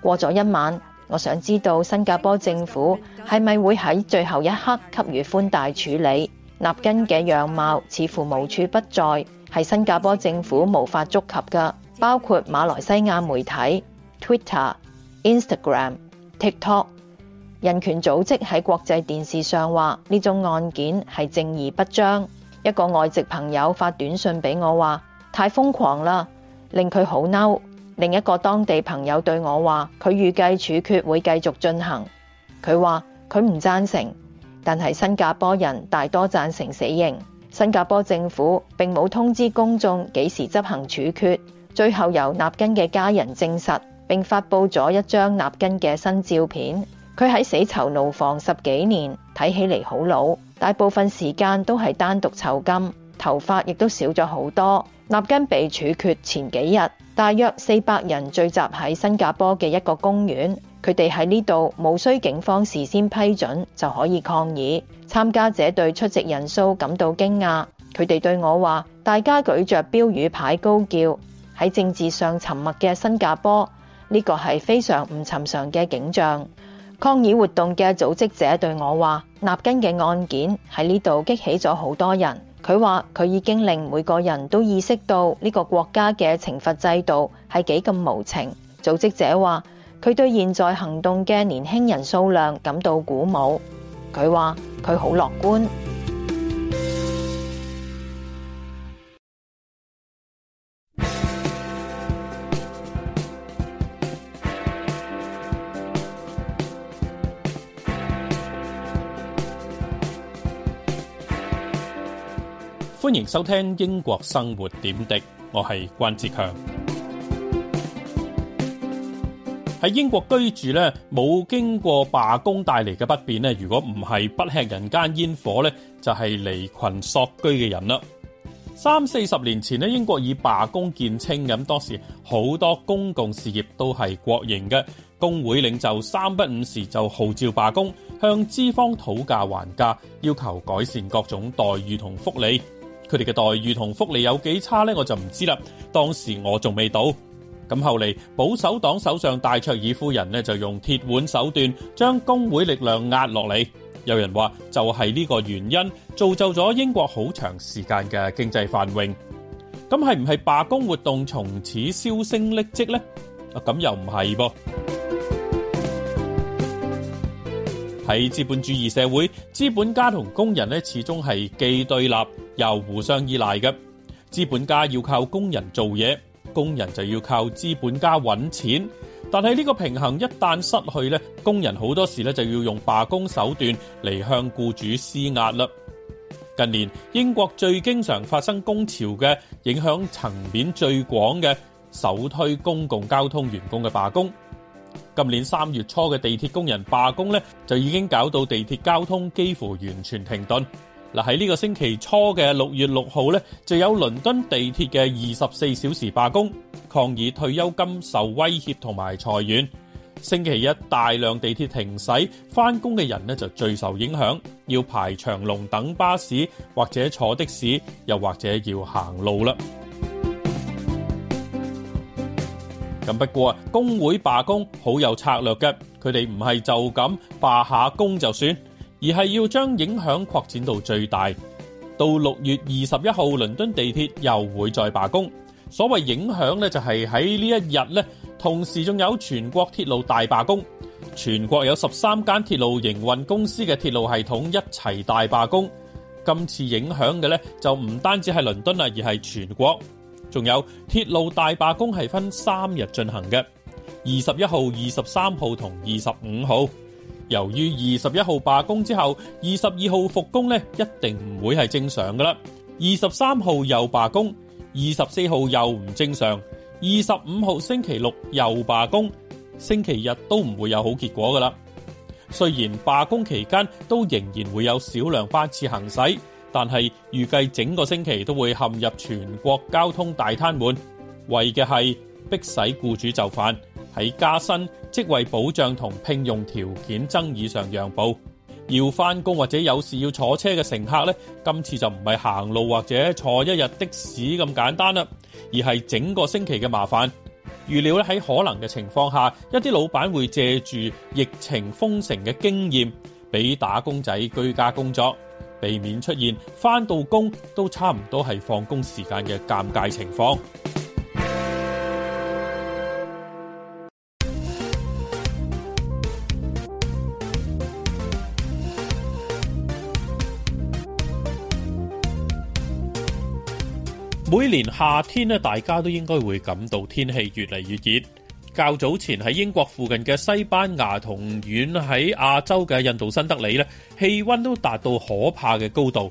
過咗一晚，我想知道新加坡政府係咪會喺最後一刻給予寬大處理？納根嘅樣貌似乎無處不在，係新加坡政府無法捉及噶。包括馬來西亞媒體、Twitter、Instagram、TikTok 人權組織喺國際電視上話呢種案件係正義不彰。一個外籍朋友發短信俾我話太瘋狂啦，令佢好嬲。另一個當地朋友對我話，佢預計處決會繼續進行。佢話佢唔贊成，但係新加坡人大多贊成死刑。新加坡政府並冇通知公眾幾時執行處決。最後由納根嘅家人證實，並發布咗一張納根嘅新照片。佢喺死囚牢房十幾年，睇起嚟好老，大部分時間都係單獨囚禁，頭髮亦都少咗好多。納根被處決前幾日，大約四百人聚集喺新加坡嘅一個公園，佢哋喺呢度無需警方事先批准就可以抗議。參加者對出席人數感到驚訝，佢哋對我話：「大家舉着標語牌高叫。喺政治上沉默嘅新加坡，呢個係非常唔尋常嘅景象。抗議活動嘅組織者對我話，納根嘅案件喺呢度激起咗好多人。佢話，佢已經令每個人都意識到呢個國家嘅懲罰制度係幾咁無情。組織者話，佢對現在行動嘅年輕人數量感到鼓舞。佢話，佢好樂觀。歡迎收聽英國生活點滴，我係關志強。喺英國居住咧，冇經過罷工帶嚟嘅不便咧，如果唔係不吃人間煙火咧，就係離群索居嘅人啦。三四十年前咧，英國以罷工見稱，咁當時，好多公共事業都係國營嘅。工會領袖三不五時就號召罷工，向資方討價還價，要求改善各種待遇同福利。佢哋嘅待遇同福利有幾差呢，我就唔知啦。當時我仲未到，咁後嚟保守黨首相戴卓爾夫人呢就用鐵腕手段將工會力量壓落嚟。有人話就係呢個原因造就咗英國好長時間嘅經濟繁榮。咁係唔係罷工活動從此銷聲匿跡呢？啊，咁又唔係噃。喺資本主義社會，資本家同工人咧始終係既對立又互相依賴嘅。資本家要靠工人做嘢，工人就要靠資本家揾錢。但係呢個平衡一旦失去咧，工人好多時咧就要用罷工手段嚟向僱主施壓啦。近年英國最經常發生工潮嘅、影響層面最廣嘅，首推公共交通員工嘅罷工。今年三月初嘅地鐵工人罷工呢，就已經搞到地鐵交通幾乎完全停頓。嗱，喺呢個星期初嘅六月六號呢，就有倫敦地鐵嘅二十四小時罷工，抗議退休金受威脅同埋裁員。星期一大量地鐵停駛，翻工嘅人呢就最受影響，要排長龍等巴士，或者坐的士，又或者要行路啦。咁不過啊，工會罷工好有策略嘅，佢哋唔係就咁罷下工就算，而係要將影響擴展到最大。到六月二十一號，倫敦地鐵又會再罷工。所謂影響呢，就係喺呢一日呢，同時仲有全國鐵路大罷工，全國有十三間鐵路營運公司嘅鐵路系統一齊大罷工。今次影響嘅呢，就唔單止係倫敦啊，而係全國。仲有鐵路大罷工係分三日進行嘅，二十一號、二十三號同二十五號。由於二十一號罷工之後，二十二號復工呢，一定唔會係正常㗎喇。二十三號又罷工，二十四號又唔正常，二十五號星期六又罷工，星期日都唔會有好結果㗎喇。雖然罷工期間都仍然會有少量班次行駛。但係預計整個星期都會陷入全國交通大癱瘓，為嘅係逼使僱主就範，喺加薪、職位保障同聘用條件爭議上讓步。要翻工或者有事要坐車嘅乘客呢，今次就唔係行路或者坐一日的士咁簡單啦，而係整個星期嘅麻煩。預料咧，喺可能嘅情況下，一啲老闆會借住疫情封城嘅經驗，俾打工仔居家工作。避免出現返到工都差唔多係放工時間嘅尷尬情況。每年夏天咧，大家都應該會感到天氣越嚟越熱。較早前喺英國附近嘅西班牙同遠喺亞洲嘅印度新德里呢，氣溫都達到可怕嘅高度。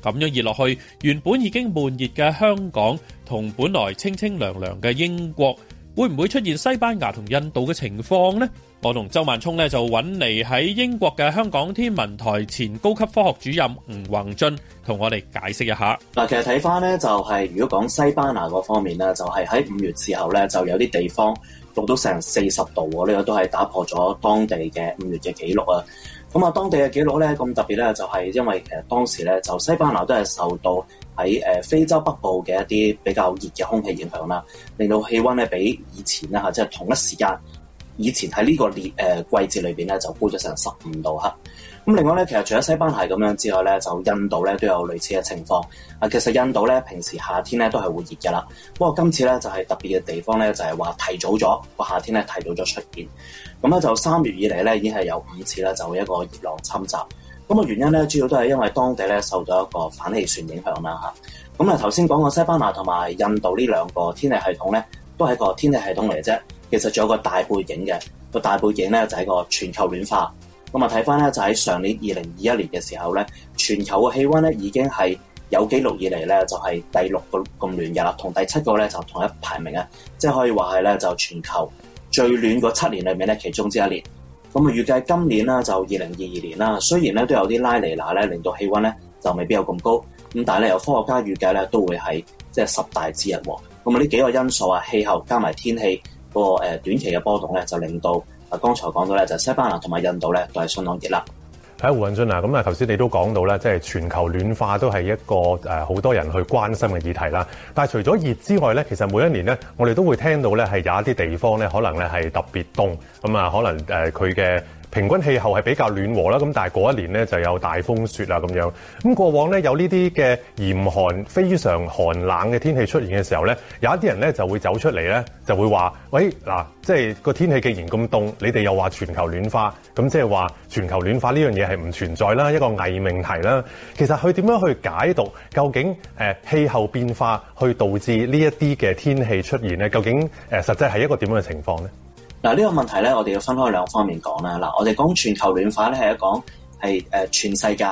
咁樣熱落去，原本已經悶熱嘅香港同本來清清涼涼嘅英國，會唔會出現西班牙同印度嘅情況呢？我同周萬聰呢，就揾嚟，喺英國嘅香港天文台前高級科學主任吳宏俊同我哋解釋一下嗱。其實睇翻呢，就係如果講西班牙嗰方面咧，就係喺五月之後呢，就有啲地方。錄到成四十度喎，呢個都係打破咗當地嘅五月嘅紀錄啊！咁啊，當地嘅紀錄咧咁特別咧，就係、是、因為其實當時咧，就西班牙都係受到喺誒非洲北部嘅一啲比較熱嘅空氣影響啦，令到氣温咧比以前咧嚇，即係同一時間以前喺呢個列誒季節裏邊咧，就高咗成十五度嚇。咁另外咧，其實除咗西班牙咁樣之外咧，就印度咧都有類似嘅情況。啊，其實印度咧平時夏天咧都係會熱噶啦，不過今次咧就係特別嘅地方咧，就係話提早咗個夏天咧提早咗出現。咁咧就三月以嚟咧已經係有五次啦，就一個熱浪侵襲。咁嘅原因咧，主要都係因為當地咧受咗一個反氣旋影響啦嚇。咁啊，頭先講過西班牙同埋印度呢兩個天氣系統咧，都係個天氣系統嚟啫。其實仲有個大背景嘅，個大背景咧就係個全球暖化。咁啊，睇翻咧就喺上年二零二一年嘅時候咧，全球嘅氣温咧已經係有記錄以嚟咧就係、是、第六個咁暖嘅啦，同第七個咧就同一排名啊，即係可以話係咧就全球最暖個七年裏面咧其中之一年。咁啊預計今年啦就二零二二年啦，雖然咧都有啲拉尼娜咧令到氣温咧就未必有咁高，咁但係咧有科學家預計咧都會係即係十大之一喎。咁啊呢幾個因素啊氣候加埋天氣、個誒短期嘅波動咧就令到。啊，剛才講到咧就西班牙同埋印度咧就係相當熱啦。喺胡運俊啊，咁啊頭先你都講到咧，即係全球暖化都係一個誒好多人去關心嘅議題啦。但係除咗熱之外咧，其實每一年咧，我哋都會聽到咧係有一啲地方咧，可能咧係特別凍咁啊，可能誒佢嘅。平均氣候係比較暖和啦，咁但係嗰一年咧就有大風雪喇咁樣。咁過往咧有呢啲嘅嚴寒、非常寒冷嘅天氣出現嘅時候咧，有一啲人咧就會走出嚟咧，就會話：喂，嗱，即係個天氣既然咁凍，你哋又話全球暖化，咁即係話全球暖化呢樣嘢係唔存在啦，一個偽命題啦。其實佢點樣去解讀，究竟誒氣候變化去導致呢一啲嘅天氣出現咧？究竟誒實際係一個點樣嘅情況咧？嗱，呢個問題咧，我哋要分開兩方面講啦。嗱，我哋講全球暖化咧係一講係誒全世界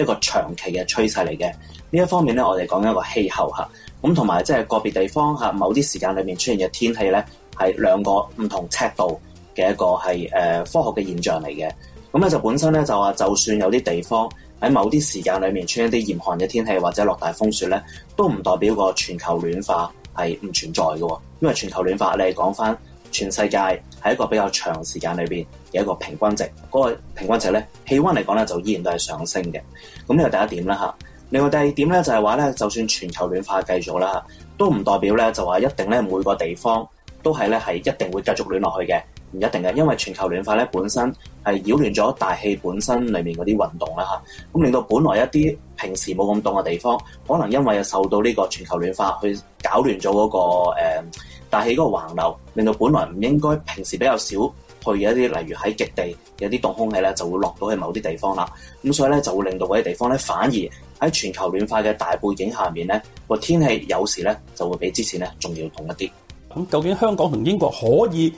一個長期嘅趨勢嚟嘅。呢一方面咧，我哋講緊一個氣候嚇，咁同埋即係個別地方嚇，某啲時間裏面出現嘅天氣咧，係兩個唔同尺度嘅一個係誒、呃、科學嘅現象嚟嘅。咁、嗯、咧就本身咧就話，就算有啲地方喺某啲時間裏面出現啲嚴寒嘅天氣或者落大風雪咧，都唔代表個全球暖化係唔存在嘅。因為全球暖化你係講翻全世界。喺一個比較長時間裏邊有一個平均值，嗰，那個平均值咧氣溫嚟講咧就依然都係上升嘅。咁呢個第一點啦吓，另外第二點咧就係話咧，就算全球暖化繼續啦吓，都唔代表咧就話一定咧每個地方都係咧係一定會繼續暖落去嘅，唔一定嘅。因為全球暖化咧本身係擾亂咗大氣本身裏面嗰啲運動啦吓，咁、啊、令到本來一啲平時冇咁凍嘅地方，可能因為受到呢個全球暖化去搞亂咗嗰個誒。呃大氣嗰個橫流，令到本來唔應該平時比較少去嘅一啲，例如喺極地有啲凍空氣咧，就會落到去某啲地方啦。咁所以咧，就會令到嗰啲地方咧，反而喺全球暖化嘅大背景下面咧，個天氣有時咧就會比之前咧仲要凍一啲。咁究竟香港同英國可以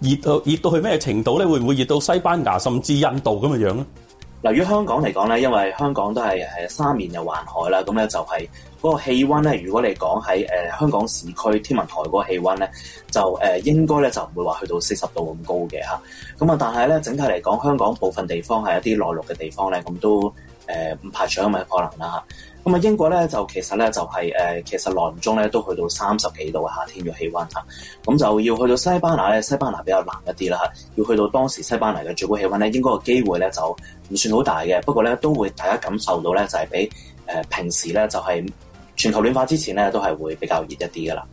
熱到熱到去咩程度咧？會唔會熱到西班牙甚至印度咁嘅樣咧？例如香港嚟講咧，因為香港都係誒三面又環海啦，咁咧就係、是。嗰個氣温咧，如果你講喺誒香港市區天文台嗰個氣温咧，就誒、呃、應該咧就唔會話去到四十度咁高嘅嚇。咁啊，但係咧整體嚟講，香港部分地方係一啲內陸嘅地方咧，咁、啊、都誒唔、呃、排除咁嘅可能啦嚇。咁啊，啊，英國咧就其實咧就係、是、誒、呃，其實內唔中咧都去到三十幾度嘅夏天嘅氣温嚇。咁、啊、就要去到西班牙咧，西班牙比較難一啲啦嚇。要去到當時西班牙嘅最高氣温咧，應該個機會咧就唔算好大嘅，不過咧都會大家感受到咧就係比誒、呃、平時咧就係、是就。是全球暖化之前咧，都係會比較熱一啲噶啦。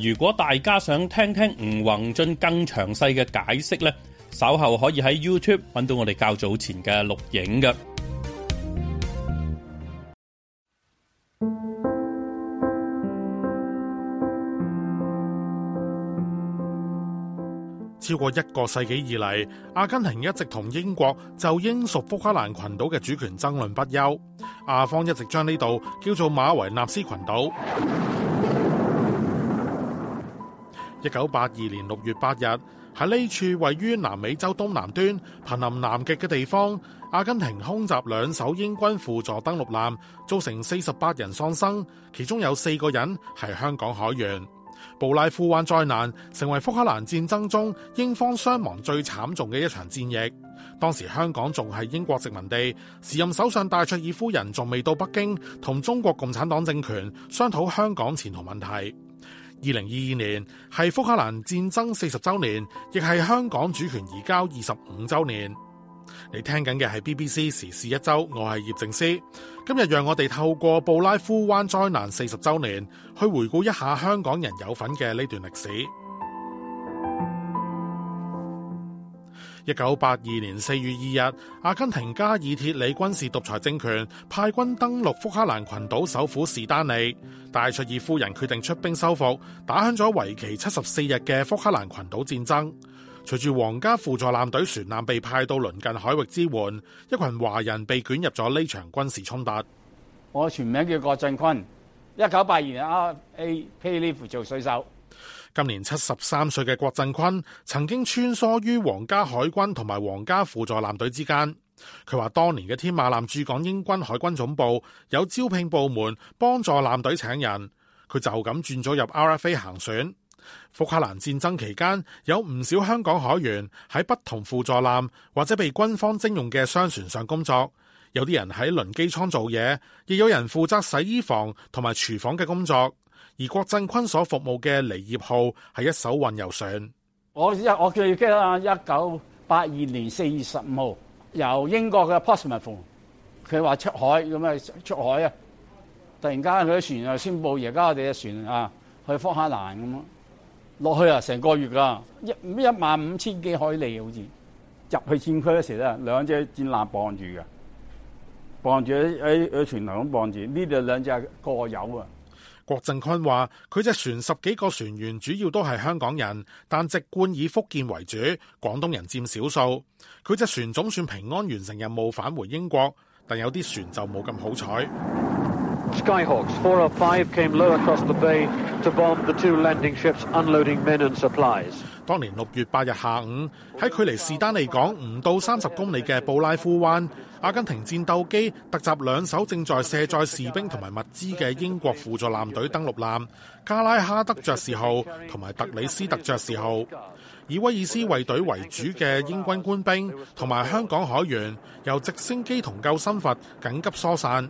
如果大家想聽聽吳宏進更詳細嘅解釋呢，稍後可以喺 YouTube 搵到我哋較早前嘅錄影噶。超過一個世紀以嚟，阿根廷一直同英國就英屬福克蘭群島嘅主權爭論不休。阿方一直將呢度叫做馬維納斯群島。一九八二年六月八日，喺呢處位於南美洲東南端，瀕臨南極嘅地方，阿根廷空襲兩艘英軍輔助登陸艦，造成四十八人喪生，其中有四個人係香港海員。布拉夫灣災難成為福克蘭戰爭中英方傷亡最慘重嘅一場戰役。當時香港仲係英國殖民地，時任首相戴卓爾夫人仲未到北京，同中國共產黨政權商討香港前途問題。二零二二年係福克蘭戰爭四十周年，亦係香港主權移交二十五周年。你聽緊嘅係 BBC 時事一周，我係葉靜思。今日讓我哋透過布拉夫灣災難四十周年，去回顧一下香港人有份嘅呢段歷史。一九八二年四月二日，阿根廷加爾鐵里軍事獨裁政權派軍登陸福克蘭群島首府士丹利，戴卓爾夫人決定出兵收復，打響咗為期七十四日嘅福克蘭群島戰爭。隨住皇家輔助艦隊船艦被派到鄰近海域支援，一群華人被捲入咗呢場軍事衝突。我全名叫郭振坤，一九八二年阿 A 披呢做水手。今年七十三歲嘅郭振坤曾經穿梭於皇家海軍同埋皇家輔助艦隊之間。佢話當年嘅天馬艦駐港英軍海軍總部有招聘部門幫助艦隊請人，佢就咁轉咗入 RFA 行船。福克蘭戰爭期間，有唔少香港海員喺不同輔助艦或者被軍方徵用嘅商船上工作。有啲人喺輪機艙做嘢，亦有人負責洗衣房同埋廚房嘅工作。而郭振坤所服務嘅離業號係一艘運油船。我我記記得一九八二年四月十五號，由英國嘅 Postman 服佢話出海咁啊，出海啊！突然間佢啲船員宣布，而家我哋嘅船啊去福克蘭咁啊！落去啊，成個月噶，一一萬五千幾海里，好似入去戰區嗰時咧，兩隻戰艦傍住嘅，傍住喺喺船頭咁傍住，呢度兩隻過油啊！郭振坤話：佢隻船十幾個船員主要都係香港人，但籍貫以福建為主，廣東人佔少數。佢隻船總算平安完成任務返回英國，但有啲船就冇咁好彩。Skyhawks four or five came low across the bay to bomb the two landing ships unloading men and supplies. 當年六月八日下午，喺距離士丹利港唔到三十公里嘅布拉夫灣，阿根廷戰鬥機突襲兩艘正在卸載士兵同埋物資嘅英國輔助艦隊登陸艦加拉哈德爵士號同埋特里斯特爵士號，以威爾斯衛隊為主嘅英軍官兵同埋香港海員由直升機同救生筏緊急疏散。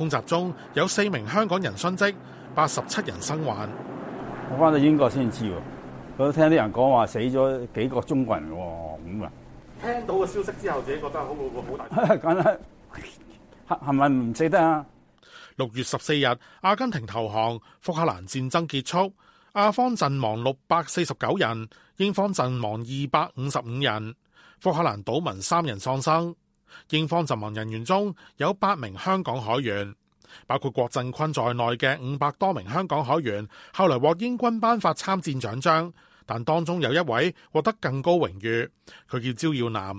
空襲中有四名香港人殉職，八十七人生還。我翻到英國先知，我都聽啲人講話死咗幾個中國人喎，咁、哦、啊！嗯、聽到個消息之後，自己覺得好，好大。梗係咪唔記得啊？六月十四日，阿根廷投降，福克蘭戰爭結束，阿方陣亡六百四十九人，英方陣亡二百五十五人，福克蘭島民三人喪生。英方陣亡人員中有八名香港海員，包括郭振坤在內嘅五百多名香港海員，後來獲英軍頒發參戰獎章，但當中有一位獲得更高榮譽，佢叫趙耀南。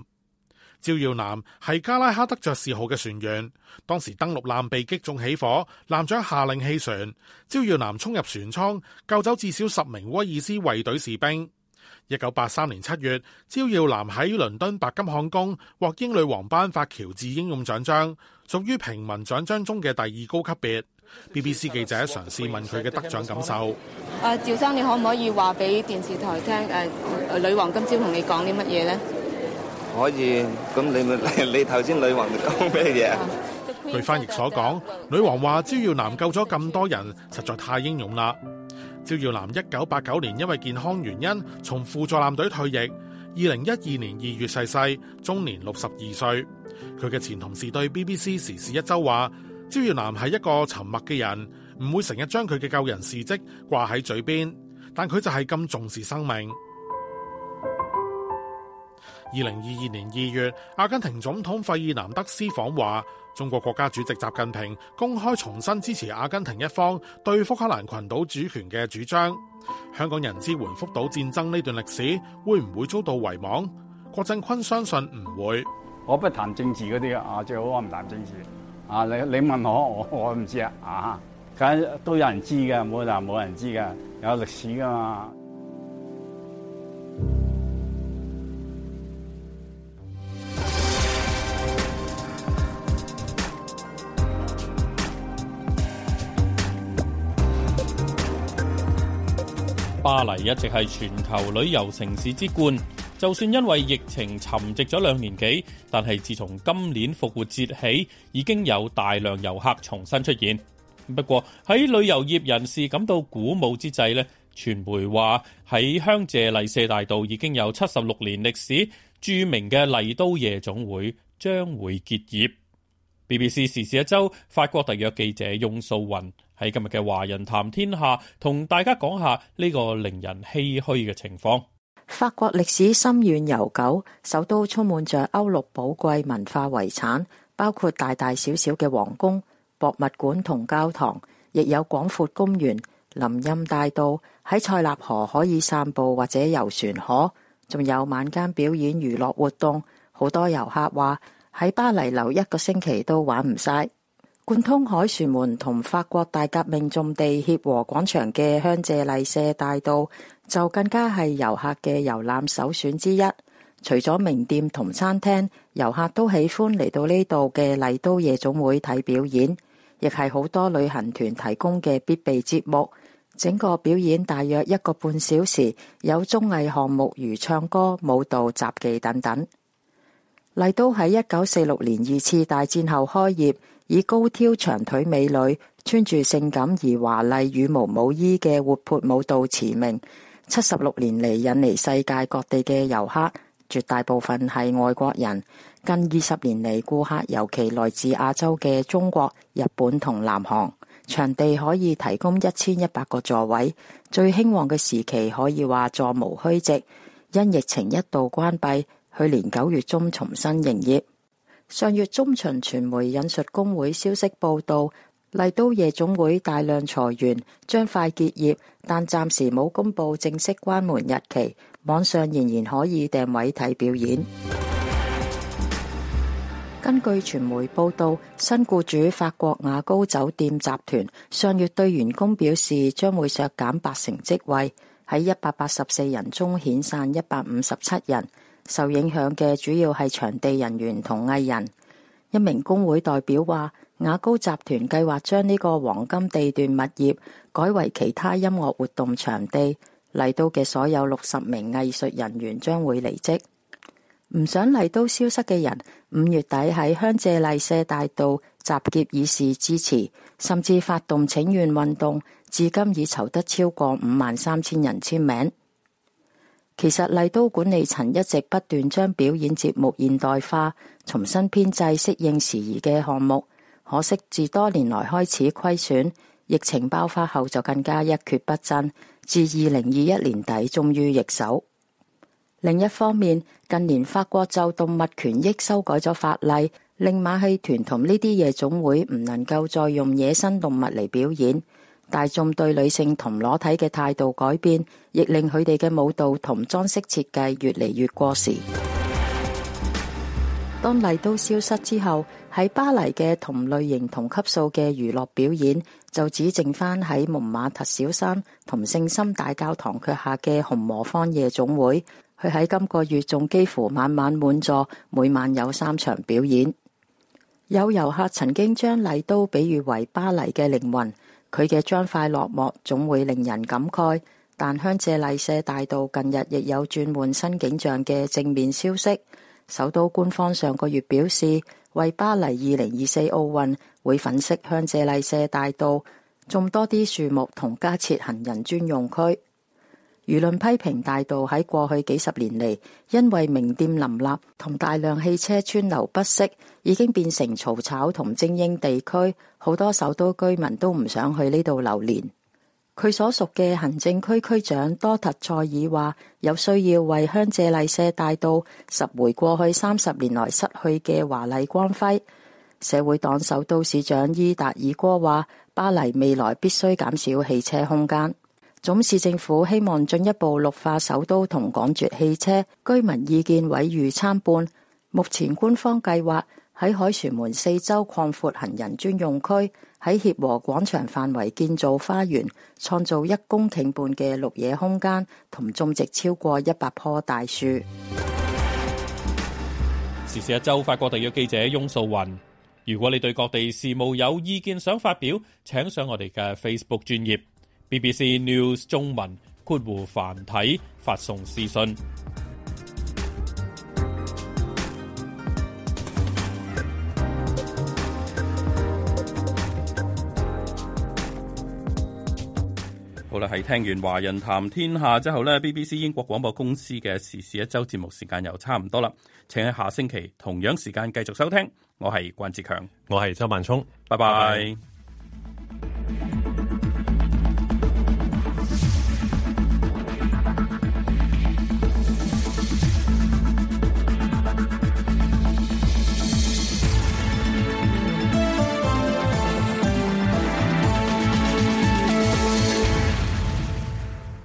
趙耀南係加拉哈德爵士號嘅船員，當時登陸艦被擊中起火，艦長下令棄船，趙耀南衝入船艙，救走至少十名威爾斯衛隊士兵。一九八三年七月，招耀南喺倫敦白金漢宮獲英女王頒發喬治英勇獎章，屬於平民獎章中嘅第二高級別。BBC 記者嘗試問佢嘅得獎感受，啊，趙生，你可唔可以話俾電視台聽？誒，女王今朝同你講啲乜嘢呢？可以，咁你咪你頭先女王講咩嘢？據翻譯所講，女王話招耀南救咗咁多人，實在太英勇啦。趙耀南一九八九年因為健康原因從輔助艦隊退役。二零一二年二月逝世，終年六十二歲。佢嘅前同事對 BBC 時事一周話：趙耀南係一個沉默嘅人，唔會成日將佢嘅救人事蹟掛喺嘴邊，但佢就係咁重視生命。二零二二年二月，阿根廷總統費爾南德斯訪華，中國國家主席習近平公開重新支持阿根廷一方對福克蘭群島主權嘅主張。香港人支援福克蘭戰爭呢段歷史會唔會遭到遺忘？郭振坤相信唔會。我不談政治嗰啲啊，最好我唔談政治啊。你你問我，我我唔知啊。啊，梗都有人知㗎，冇人冇人知噶，有歷史噶嘛。巴黎一直係全球旅遊城市之冠，就算因為疫情沉寂咗兩年幾，但係自從今年復活節起，已經有大量遊客重新出現。不過喺旅遊業人士感到鼓舞之際咧，傳媒話喺香榭麗舍大道已經有七十六年歷史著名嘅麗都夜總會將會結業。BBC 時事一周，法國特約記者翁素雲。喺今日嘅華人談天下，同大家講下呢個令人唏噓嘅情況。法國歷史深遠悠久，首都充滿着歐陸寶貴文化遺產，包括大大小小嘅皇宮、博物館同教堂，亦有廣闊公園、林蔭大道。喺塞納河可以散步或者遊船河，仲有晚間表演娛樂活動。好多遊客話喺巴黎留一個星期都玩唔晒。貫通凱旋門同法國大革命重地協和廣場嘅香榭麗舍大道，就更加係遊客嘅遊覽首選之一。除咗名店同餐廳，遊客都喜歡嚟到呢度嘅麗都夜總會睇表演，亦係好多旅行團提供嘅必備節目。整個表演大約一個半小時，有綜藝項目如唱歌、舞蹈、雜技等等。麗都喺一九四六年二次大戰後開業。以高挑長腿美女穿住性感而華麗羽毛舞衣嘅活潑舞蹈馳名，七十六年嚟引嚟世界各地嘅遊客，絕大部分係外國人。近二十年嚟，顧客尤其來自亞洲嘅中國、日本同南韓。場地可以提供一千一百個座位，最興旺嘅時期可以話座無虛席。因疫情一度關閉，去年九月中重新營業。上月中旬，傳媒引述工會消息報道，麗都夜總會大量裁員，將快結業，但暫時冇公布正式關門日期。網上仍然可以訂位睇表演。 根據傳媒報道，新僱主法國雅高酒店集團上月對員工表示，將會削減八成職位，喺一百八十四人中遣散一百五十七人。受影響嘅主要係場地人員同藝人。一名工會代表話，雅高集團計劃將呢個黃金地段物業改為其他音樂活動場地。麗都嘅所有六十名藝術人員將會離職。唔想麗都消失嘅人，五月底喺香榭麗舍大道集結以示支持，甚至發動請願運動，至今已籌得超過五萬三千人簽名。其實麗都管理層一直不斷將表演節目現代化，重新編製適應時宜嘅項目。可惜自多年來開始虧損，疫情爆發後就更加一蹶不振，至二零二一年底終於易手。另一方面，近年法國就動物權益修改咗法例，令馬戲團同呢啲夜總會唔能夠再用野生動物嚟表演。大眾對女性同裸體嘅態度改變。亦令佢哋嘅舞蹈同裝飾設計越嚟越過時。 當麗都消失之後，喺巴黎嘅同類型同級數嘅娛樂表演就只剩返喺蒙馬特小山同聖心大教堂腳下嘅紅磨坊夜總會。佢喺今個月仲幾乎晚晚滿座，每晚有三場表演。有遊客曾經將麗都比喻為巴黎嘅靈魂，佢嘅將快落幕，總會令人感慨。但香榭麗舍大道近日亦有轉換新景象嘅正面消息。首都官方上個月表示，為巴黎二零二四奧運會粉飾香榭麗舍大道，種多啲樹木同加設行人專用區。輿論批評大道喺過去幾十年嚟，因為名店林立同大量汽車川流不息，已經變成嘈吵同精英地區，好多首都居民都唔想去呢度流連。佢所屬嘅行政區區長多特賽爾話：有需要為香榭麗舍大道拾回過去三十年來失去嘅華麗光輝。社會黨首都市長伊達爾哥話：巴黎未來必須減少汽車空間。總市政府希望進一步綠化首都同趕絕汽車。居民意見毀譽參半。目前官方計劃，喺凱旋門四周擴闊行人專用區，喺協和廣場範圍建造花園，創造一公頃半嘅綠野空間，同種植超過一百棵大樹。時事一周，法國特約記者翁素雲。如果你對各地事務有意見想發表，請上我哋嘅 Facebook 專頁 BBC News 中文括弧繁體發送私信。好啦，係聽完華人談天下之後呢，BBC 英國廣播公司嘅時事一周節目時間又差唔多啦，請喺下星期同樣時間繼續收聽，我係關志強，我係周萬聰，拜拜。